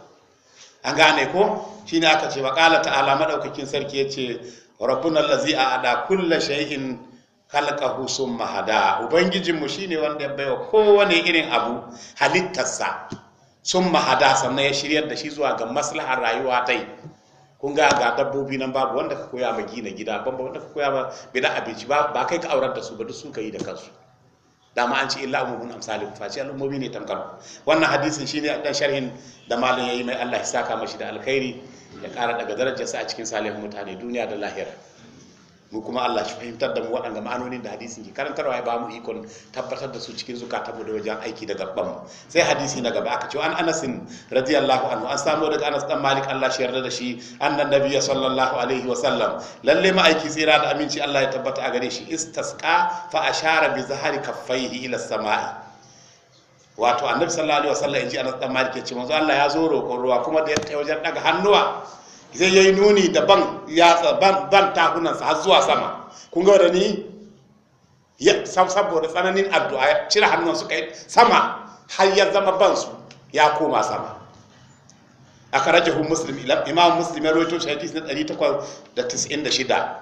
an gane ko shine aka ce wa qala ta'ala madaukakin sarki ya ce rabbuna allazi a'ada kulla shay'in khalaqahu summa hada ubangijin mu shine wanda ya baiwa kowane irin abu halittarsa summa hada sannan ya shiryar da shi zuwa ga maslahar rayuwa tai kun ga ga dabbobi nan babu wanda ka koya ma gina gida ban wanda ka koya ma bida abinci ba ba kai ka aurar da su ba duk su ka yi da kansu dama an ci illa umumun amsalin faci al'ummomi ne tamkar wannan hadisin shine dan sharhin da malam yayi mai Allah ya saka mashi da alkhairi ya kara daga darajarsa a cikin salihin mutane duniya da lahira mu kuma Allah shi fahimtar da mu waɗanda ma'anonin da hadisin ke karanta ya ba mu ikon tabbatar da su cikin mu da wajen aiki da gaban mu sai hadisi na gaba aka ce an Anas radiyallahu anhu an samu daga Anas dan Malik Allah shi yarda da shi annan nabiyyi sallallahu alaihi wa sallam lalle aiki tsira da aminci Allah ya tabbata a gare shi istasqa fa ashara bi zahari kaffaihi ila samai wato annabi sallallahu alaihi wa sallam inji Anas dan Malik ya ce manzo Allah ya zo roƙon ruwa kuma da ya wajen daga hannuwa zai yi nuni da ban yatsa ban takunansa har zuwa sama kun ga ni saboda tsananin addu'a ya cire hannun kai sama har ya zama bansu ya koma sama a hun musulmi imam musulmi ya roito shi hadisi na 896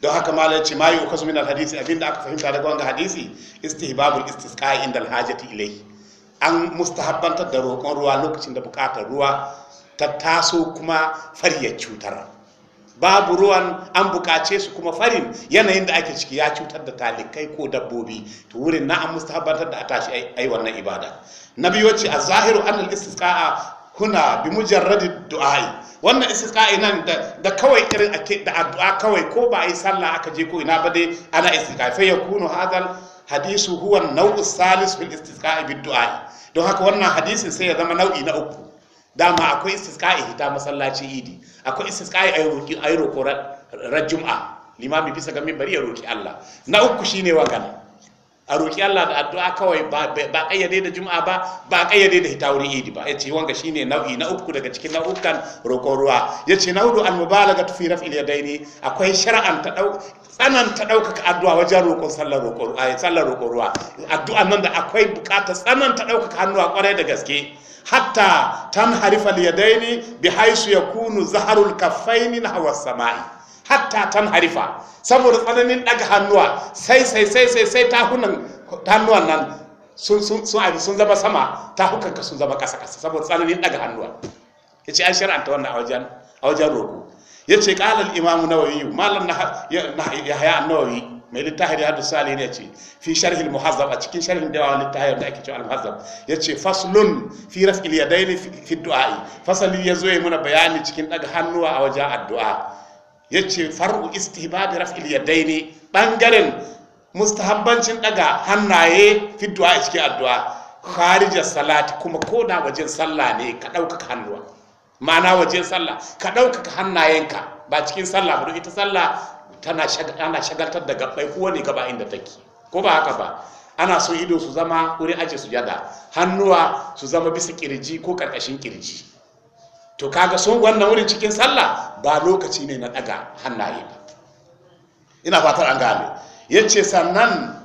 don haka malar ce ma yi min alhadisi abinda aka fahimta daga wanga hadisi istihbabul istisqa inda alhajati ilai an mustahabbantar da roƙon ruwa lokacin da buƙatar ruwa ta taso kuma fariyar cutar babu ruwan an bukace su kuma farin yanayin da ake ciki ya cutar da talikai ko dabbobi to wurin na an mustahabbantar da a tashi ai wannan ibada na biyu wacce a zahiru annal istisqa'a huna bi mujarradi du'ai wannan istisqa'i nan da kawai irin ake da addu'a kawai ko ba a yi sallah aka je ko ina ba dai ana istisqa'i fa yakunu hadal hadisu huwa an-naw'u salis fil istisqa'i bid du'ai don haka wannan hadisin sai ya zama nau'i na uku dama akwai istisqa'i hita masallaci idi akwai istisqa'i ayi roki ayi roko rajum'a limami bisa ga minbari ya roki Allah na uku shine wagan a roki Allah da addu'a kawai ba kayyade da juma'a ba ba kayyade da hita wuri idi ba yace wanga shine nau'i na uku daga cikin nau'ukan roƙon ruwa yace naudu al mubalagatu fi raf'il yadaini akwai shar'an ta tsananta ɗaukaka addu'a wajen roƙon sallar roƙon a eh, sallar roƙon ruwa addu'a nan da akwai bukata tsananta ɗaukaka hannuwa kwarai da gaske hatta tan harifa daini bi haisu kunu zaharul kaffaini na hawa sama'i hatta tan harifa saboda tsananin ɗaga hannuwa sai sai sai sai sai hunan hannuwan nan sun sun sun sun zama sama ta hukanka sun zama ƙasa ƙasa saboda tsananin ɗaga hannuwa ya ce an shar'anta wannan a wajen roƙo ya ce kalar imamu nawayi malam ya haya nawayi mai littahir ya dusa ne ce fi sharhil muhazzab a cikin sharhin da wani littahir da ake cewa al-muhazzab ya ce faslun fi raf'il yadaini fi du'a'i fasali ya zo ya muna bayani cikin daga hannuwa a wajen addu'a ya ce far'u istihbab raf'il yadaini bangaren mustahabbancin daga hannaye fi du'a cikin addu'a kharija salati kuma ko da wajen sallah ne ka ɗaukaka hannuwa ma'ana wajen sallah ka ɗaukaka hannayenka ba cikin sallah ba ita sallah tana shagaltar da gabbai kowane gaba inda take ko ba haka ba ana so ido su zama wuri aje su yada hannuwa su zama bisa kirji ko karkashin kirji to kaga sun wannan wurin cikin sallah ba lokaci ne na daga hannaye ba ina fatar an gane yace sannan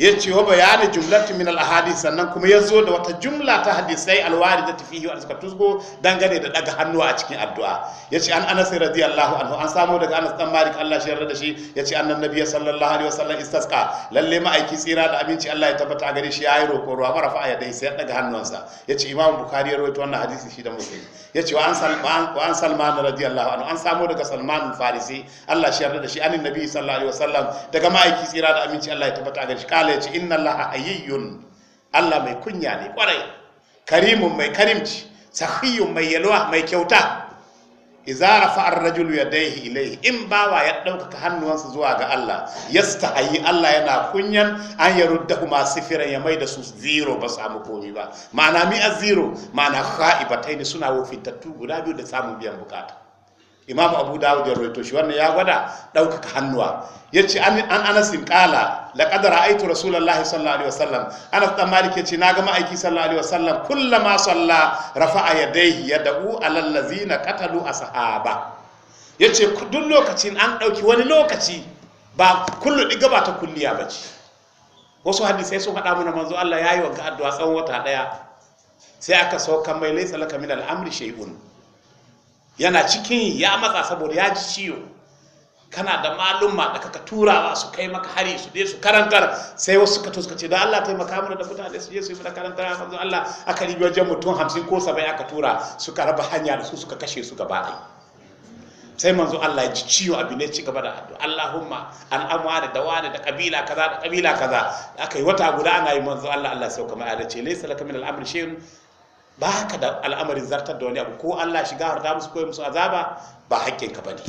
ya ce wa bayani jumlatu min al sannan kuma ya zo da wata jumla ta hadisai alwari da tafihi wa suka tusgo dangane da daga hannuwa a cikin addu'a ya ce an anas radiyallahu anhu an samu daga anas dan malik Allah shi yarda da shi ya ce annan nabiyyi sallallahu alaihi wasallam istasqa lalle ma'aiki tsira da aminci Allah ya tabbata a gare shi yayi roko ruwa mara fa'a ya dai sai daga hannuwansa ya ce imam bukhari ya rawaito wannan hadisi shi da muslim ya ce wa an salman wa an salman radiyallahu anhu an samu daga salman farisi Allah shi yarda da shi annabi sallallahu alaihi wasallam daga ma'aiki tsira da aminci Allah ya tabbata a gare shi ta'ala ya ce inna ayyun Allah mai kunya ne kwarai karimun mai karimci sahiyun mai yalwa mai kyauta idza rafa ar-rajulu yadayhi ilayhi in bawa ya ɗaukaka hannuwansa zuwa ga Allah yastahi Allah yana kunyan an kuma sifiran ya mai da su zero ba samu komi ba ma'ana mi az zero ma'ana kha'ibatain suna tattu guda biyu da samun biyan bukata imam abu dawud ya roito shi wannan ya gwada ɗaukaka hannuwa ya ce an anasin in kala laqad ra'aytu rasulullahi sallallahu alaihi wasallam anas dan malik ya ce na ga ma'aiki sallallahu alaihi wasallam kullama salla rafa'a yadayhi yad'u alal ladzina qatalu ashaba ya ce duk lokacin an ɗauki wani lokaci ba kullu diga ba ta kulliya ba ce wasu hadisai sun haɗa mana manzo Allah ya yi wa addu'a tsawon wata ɗaya sai aka sauka mai laisa laka min al'amri shay'un yana cikin ya matsa saboda ya ji ciwo kana da malumma da kaka turawa su kai maka hari su dai su karantar sai wasu suka to suka ce da Allah ta taimaka mana da mutane su je su yi mana karantar a manzo Allah aka ribi wajen mutum hamsin ko sabai aka tura su raba hanya da su suka kashe su gaba ɗaya sai manzo Allah ya ji ciwo abin ne ci gaba da addu'a Allahumma al'amwa da dawane da kabila kaza da kabila kaza aka yi wata guda ana yi manzo Allah Allah sauka ya ce laysa laka min amri shay'un ba haka da al'amarin zartar da wani abu ko Allah shiga harta musu koyi musu azaba ba hakkin ka bane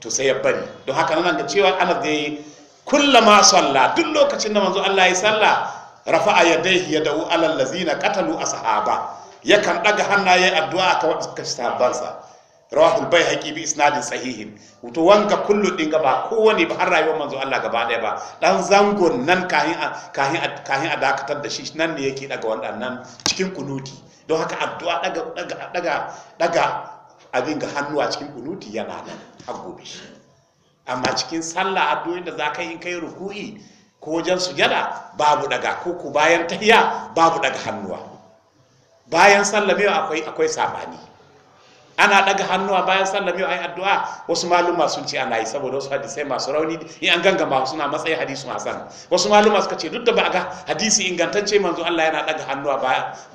to sai ya bane don haka nan da cewa ana da ma salla duk lokacin da manzo Allah ya salla yadaihi ya yad'u alal ladzina qatalu ashaba yakan daga hannaye addu'a ka wadda sahabbansa bai bayhaqi bi isnadin sahihin wato wanka kullu din ba kowane ba har rayuwar manzo Allah gaba daya ba dan zangon nan kahin a dakatar da shi nan ne yake daga wannan cikin kunuti don haka addu'a daga abin ga hannu a cikin kunuti yana nan har gobe amma cikin sallah addu'o'in da zaka yi kai ruku'i ko wajen sujada babu daga ko ku bayan tahiya babu daga hannuwa bayan sallah akwai akwai sabani ana daga hannu a bayan sallah mai ayi addu'a wasu maluma sun ce ana yi saboda wasu hadisai masu rauni in an gangama suna matsayin hadisin san wasu maluma suka ce duk da ba ga hadisi ingantacce manzo Allah yana daga hannu a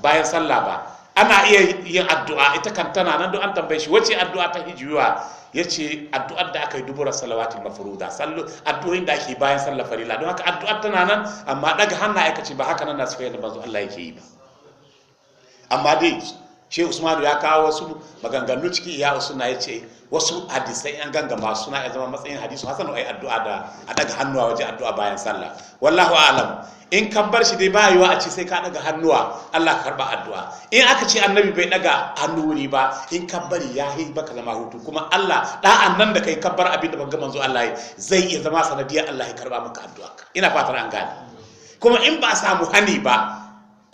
bayan sallah ba ana iya yin addu'a ita kan tana nan duk an tambaye shi wace addu'a ta hijiyuwa yace addu'ar da aka yi dubura salawatul mafruda sallu addu'o'in da ake bayan sallah farila don haka addu'ar tana nan amma daga hannu aikace ba haka nan nasu fayyana manzo Allah yake yi ba amma dai shehu usmanu ya kawo wasu maganganu ciki iya suna ya ce wasu hadisai an gangama suna ya zama matsayin hadisu hasanu ai addu'a da a daga hannuwa waje addu'a bayan sallah wallahu alam in ka bar shi dai ba yiwa a ce sai ka daga hannuwa Allah ka karba addu'a in aka ce annabi bai daga hannu wuri ba in ka bari ya yi baka zama hutu kuma Allah da nan da kai kabbar abin da banga manzo Allah zai iya zama sanadiyar Allah ya karba maka addu'a ina fatar an gane kuma in ba samu hani ba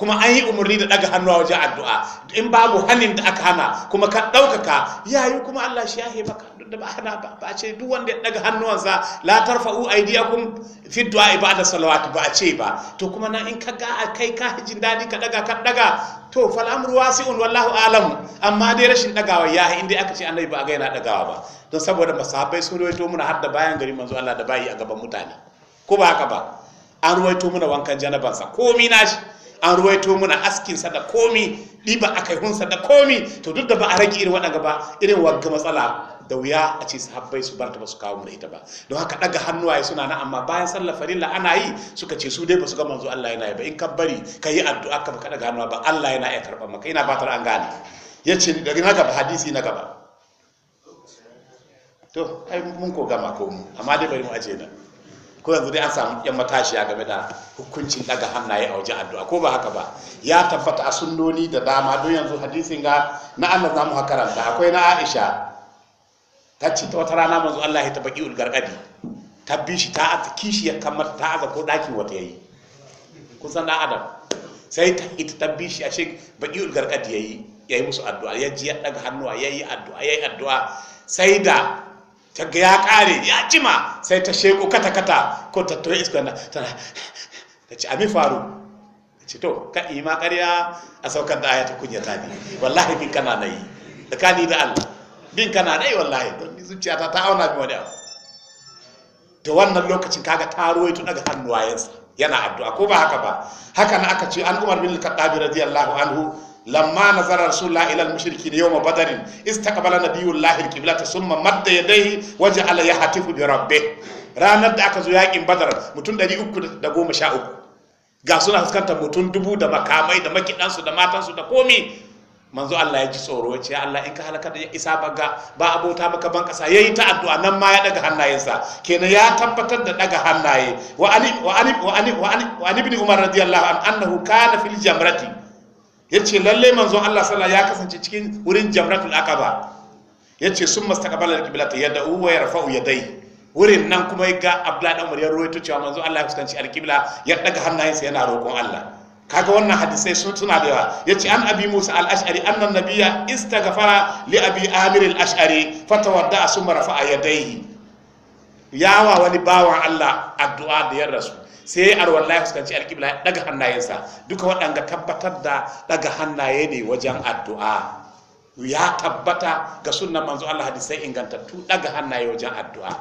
kuma an yi umarni da daga hannu a wajen addu'a in babu hannun da aka hana kuma ka ɗaukaka yayi kuma Allah shi ya yahe maka da ba hana ba ba ce duk wanda ya daga hannuwansa la tarfa'u aydiyakum fi du'a ibada salawati ba a ce ba to kuma na in ka ga kai ka jin dadi ka daga ka daga to fal amru wasi'un wallahu alam amma dai rashin dagawa ya in dai aka ce annabi ba a ga yana dagawa ba don saboda masahabai sun rawaito muna har da bayan gari manzo Allah da bayi a gaban mutane ko ba haka ba an ruwaito muna wankan janabansa komi shi an ruwaito muna askinsa da komi ɗiba a kai hunsa da komi to duk da ba a rage irin waɗanda ba irin wagga matsala da wuya a ce sahabbai su barta ba su kawo mura ita ba don haka ɗaga hannuwaye suna na amma bayan sallar farilla ana yi suka ce su dai ba su ga manzo Allah yana yi ba in ka bari ka yi addu'a ka ɗaga hannuwa ba Allah yana iya karɓar maka ina fatar an gane ya ce daga na gaba hadisi na gaba to ai mun ko gama ko mu amma dai bari mu aje nan ko yanzu dai an samu yan matashiya game da hukuncin daga hannaye a wajen addu'a ko ba haka ba ya tabbata a sunnoni da dama don yanzu hadisin ga na Allah zamu ha karanta akwai na Aisha ta ce ta wata rana manzo Allah ya tabbaki ul gargadi ta bi shi ta aza kishi ya kammata ta aza ko dakin wata yayi kusan da adam sai ta ita ta bi shi shek baki ul gargadi yayi yayi musu addu'a ya ji ya daga hannuwa yayi addu'a yayi addu'a sai da ta ga ya ƙare ya jima sai ta sheku kata-kata ko ta toye iskon da tana ta ci ami faru ta ci to ka ima ƙarya a saukar da aya ta kunya ta ne wallahi bin kana na yi da ka ni da allah bin kana na yi wallahi don ni zuciya ta ta auna mi wani abu da wannan lokacin kaga taro ta ruwaito daga hannuwayensa yana addu'a ko ba haka ba haka na aka ce an umar bin al-khattabi radiyallahu anhu lamma nazara rasulullah ila al-mushrikin yawma badr istaqbala nabiyullah al-qiblata summa madda yadayhi waje yahtifu bi rabbe ranar da aka zo yakin badar mutum 313 ga suna fuskantar mutum dubu da makamai da makidansu da matansu da komi manzo Allah ya ji tsoro ya ce Allah in ka halaka da isa baga ba abota maka ban kasa yayi ta addu'a nan ma ya daga hannayensa kenan ya tabbatar da daga hannaye wa ali wa ali wa ali wa ali ibn umar radiyallahu an annahu kana fil jamrati ya ce lalle manzon Allah sallah ya kasance cikin wurin jamratul akaba ya ce sun mastaqbala alqiblata yad'u wa ya dai wurin nan kuma ya ga Abdullahi dan Umar ya rawaito cewa manzon Allah ya fuskanci alqibla ya daga hannayensa yana roƙon Allah kaga wannan hadisai sun suna da yawa yace an abi musa al-ash'ari anna nabiyya istaghfara li abi amir al-ash'ari fatawadda summa rafa'a yadayhi yawa wani bawan Allah addu'a da ya rasu sai ya arwalla ya fuskanci alƙibla ya hannayensa duka waɗanda tabbatar da daga hannaye ne wajen addu'a ya tabbata ga sunan manzo Allah hadisai ingantattu daga hannaye wajen addu'a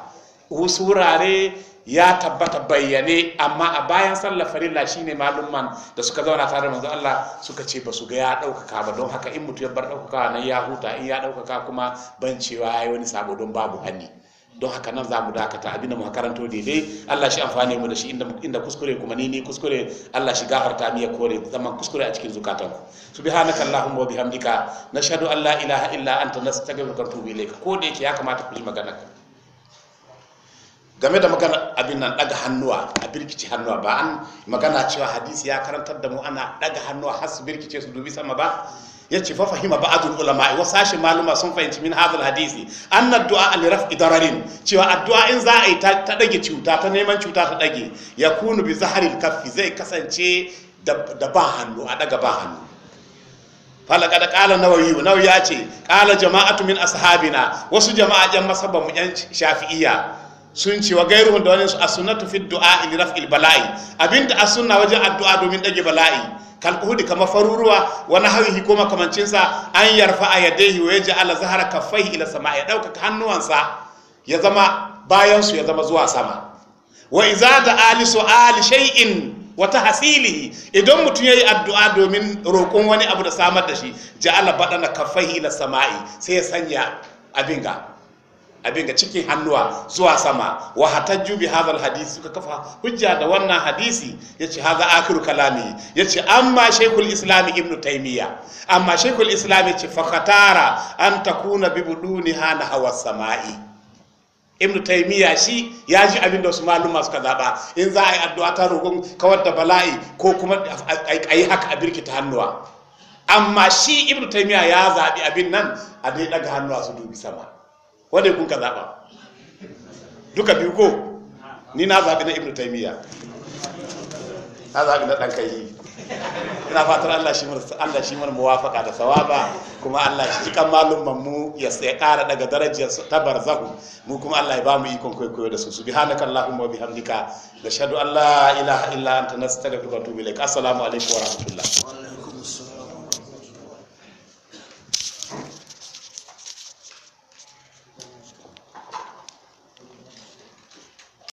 wasu wurare ya tabbata bayyane amma a bayan sallar farilla shine malumman da suka zauna tare manzo Allah suka ce ba su ga ya ɗaukaka ba don haka in mutu ya bar ɗaukaka nan ya huta in ya ɗaukaka kuma ban cewa ya wani sabo don babu hani. don haka nan za mu dakata abinda mu karanto daidai Allah shi amfane mu da shi inda kuskure kuma ni ni kuskure Allah shi gafarta miya ya kore zama kuskure a cikin zukatan ku subhanaka allahumma wa bihamdika nashhadu an la ilaha illa anta nastaghfiruka wa natubu ilayka ko da yake ya kamata ku ji magana game da magana abin nan daga hannuwa a birkici hannuwa ba an magana cewa hadisi ya karantar da mu ana daga hannuwa har su birkice su dubi sama ba ya ce fa fahima ba'adul ulama wa sashi maluma sun fahimci min hadal hadisi anna du'a a raf'i dararin cewa addu'a in za a yi ta ɗage cuta ta neman cuta ta dage yakunu bi zaharin kaffi zai kasance da ba hannu a daga ba hannu falaka da kala nawawi nawawi ya ce kala jama'atu min ashabina wasu jama'a yan masabamu mu yan shafi'iyya sun ce wa gairu da wani su as-sunnatu fi du'a li raf'il bala'i abinda a suna wajen addu'a domin dage bala'i kalkuhudi kamar faruruwa wani hauhi ko makamancinsa an yarfa a yadaihi wa ala zahara kaffaihi ila sama ya ɗaukaka hannuwansa ya zama bayansu ya zama zuwa sama wa iza da ali su'ali shay'in wata hasilihi idan mutum ya yi addu'a domin roƙon wani abu da samar da shi ja'ala baɗana kaffaihi ila sama'i sai ya sanya abin ga abin ga cikin hannuwa zuwa sama wa hata jubi hadal hadisi suka kafa hujja da wannan hadisi ce haza akhir kalami Ya yace amma shaykhul islam ibnu taymiya amma shaykhul islam yace fa fakatara an takuna bi buduni hana hawa samai Ibn taymiya shi ya ji abin da wasu maluma suka zaba in za a yi addu'a ta rogon kawar da bala'i ko kuma a yi haka a birkita hannuwa amma shi ibn taymiya ya zaɓi abin nan a dai daga hannuwa su dubi sama wanda kun ka zaɓa duka biyu ko ni na zaɓi na ibnu taimiyya na zaɓi na ɗan kai ina fatar Allah shi mana Allah shi mana muwafaka da sawaba kuma Allah shi cikin malum mu ya sai ƙara daga darajar su ta barzahu mu kuma Allah ya mu ikon kwaikwayo da su subhanaka allahumma wa bihamdika nashhadu an la ilaha illa anta nastaghfiruka ga atubu ilaik assalamu alaikum wa rahmatullah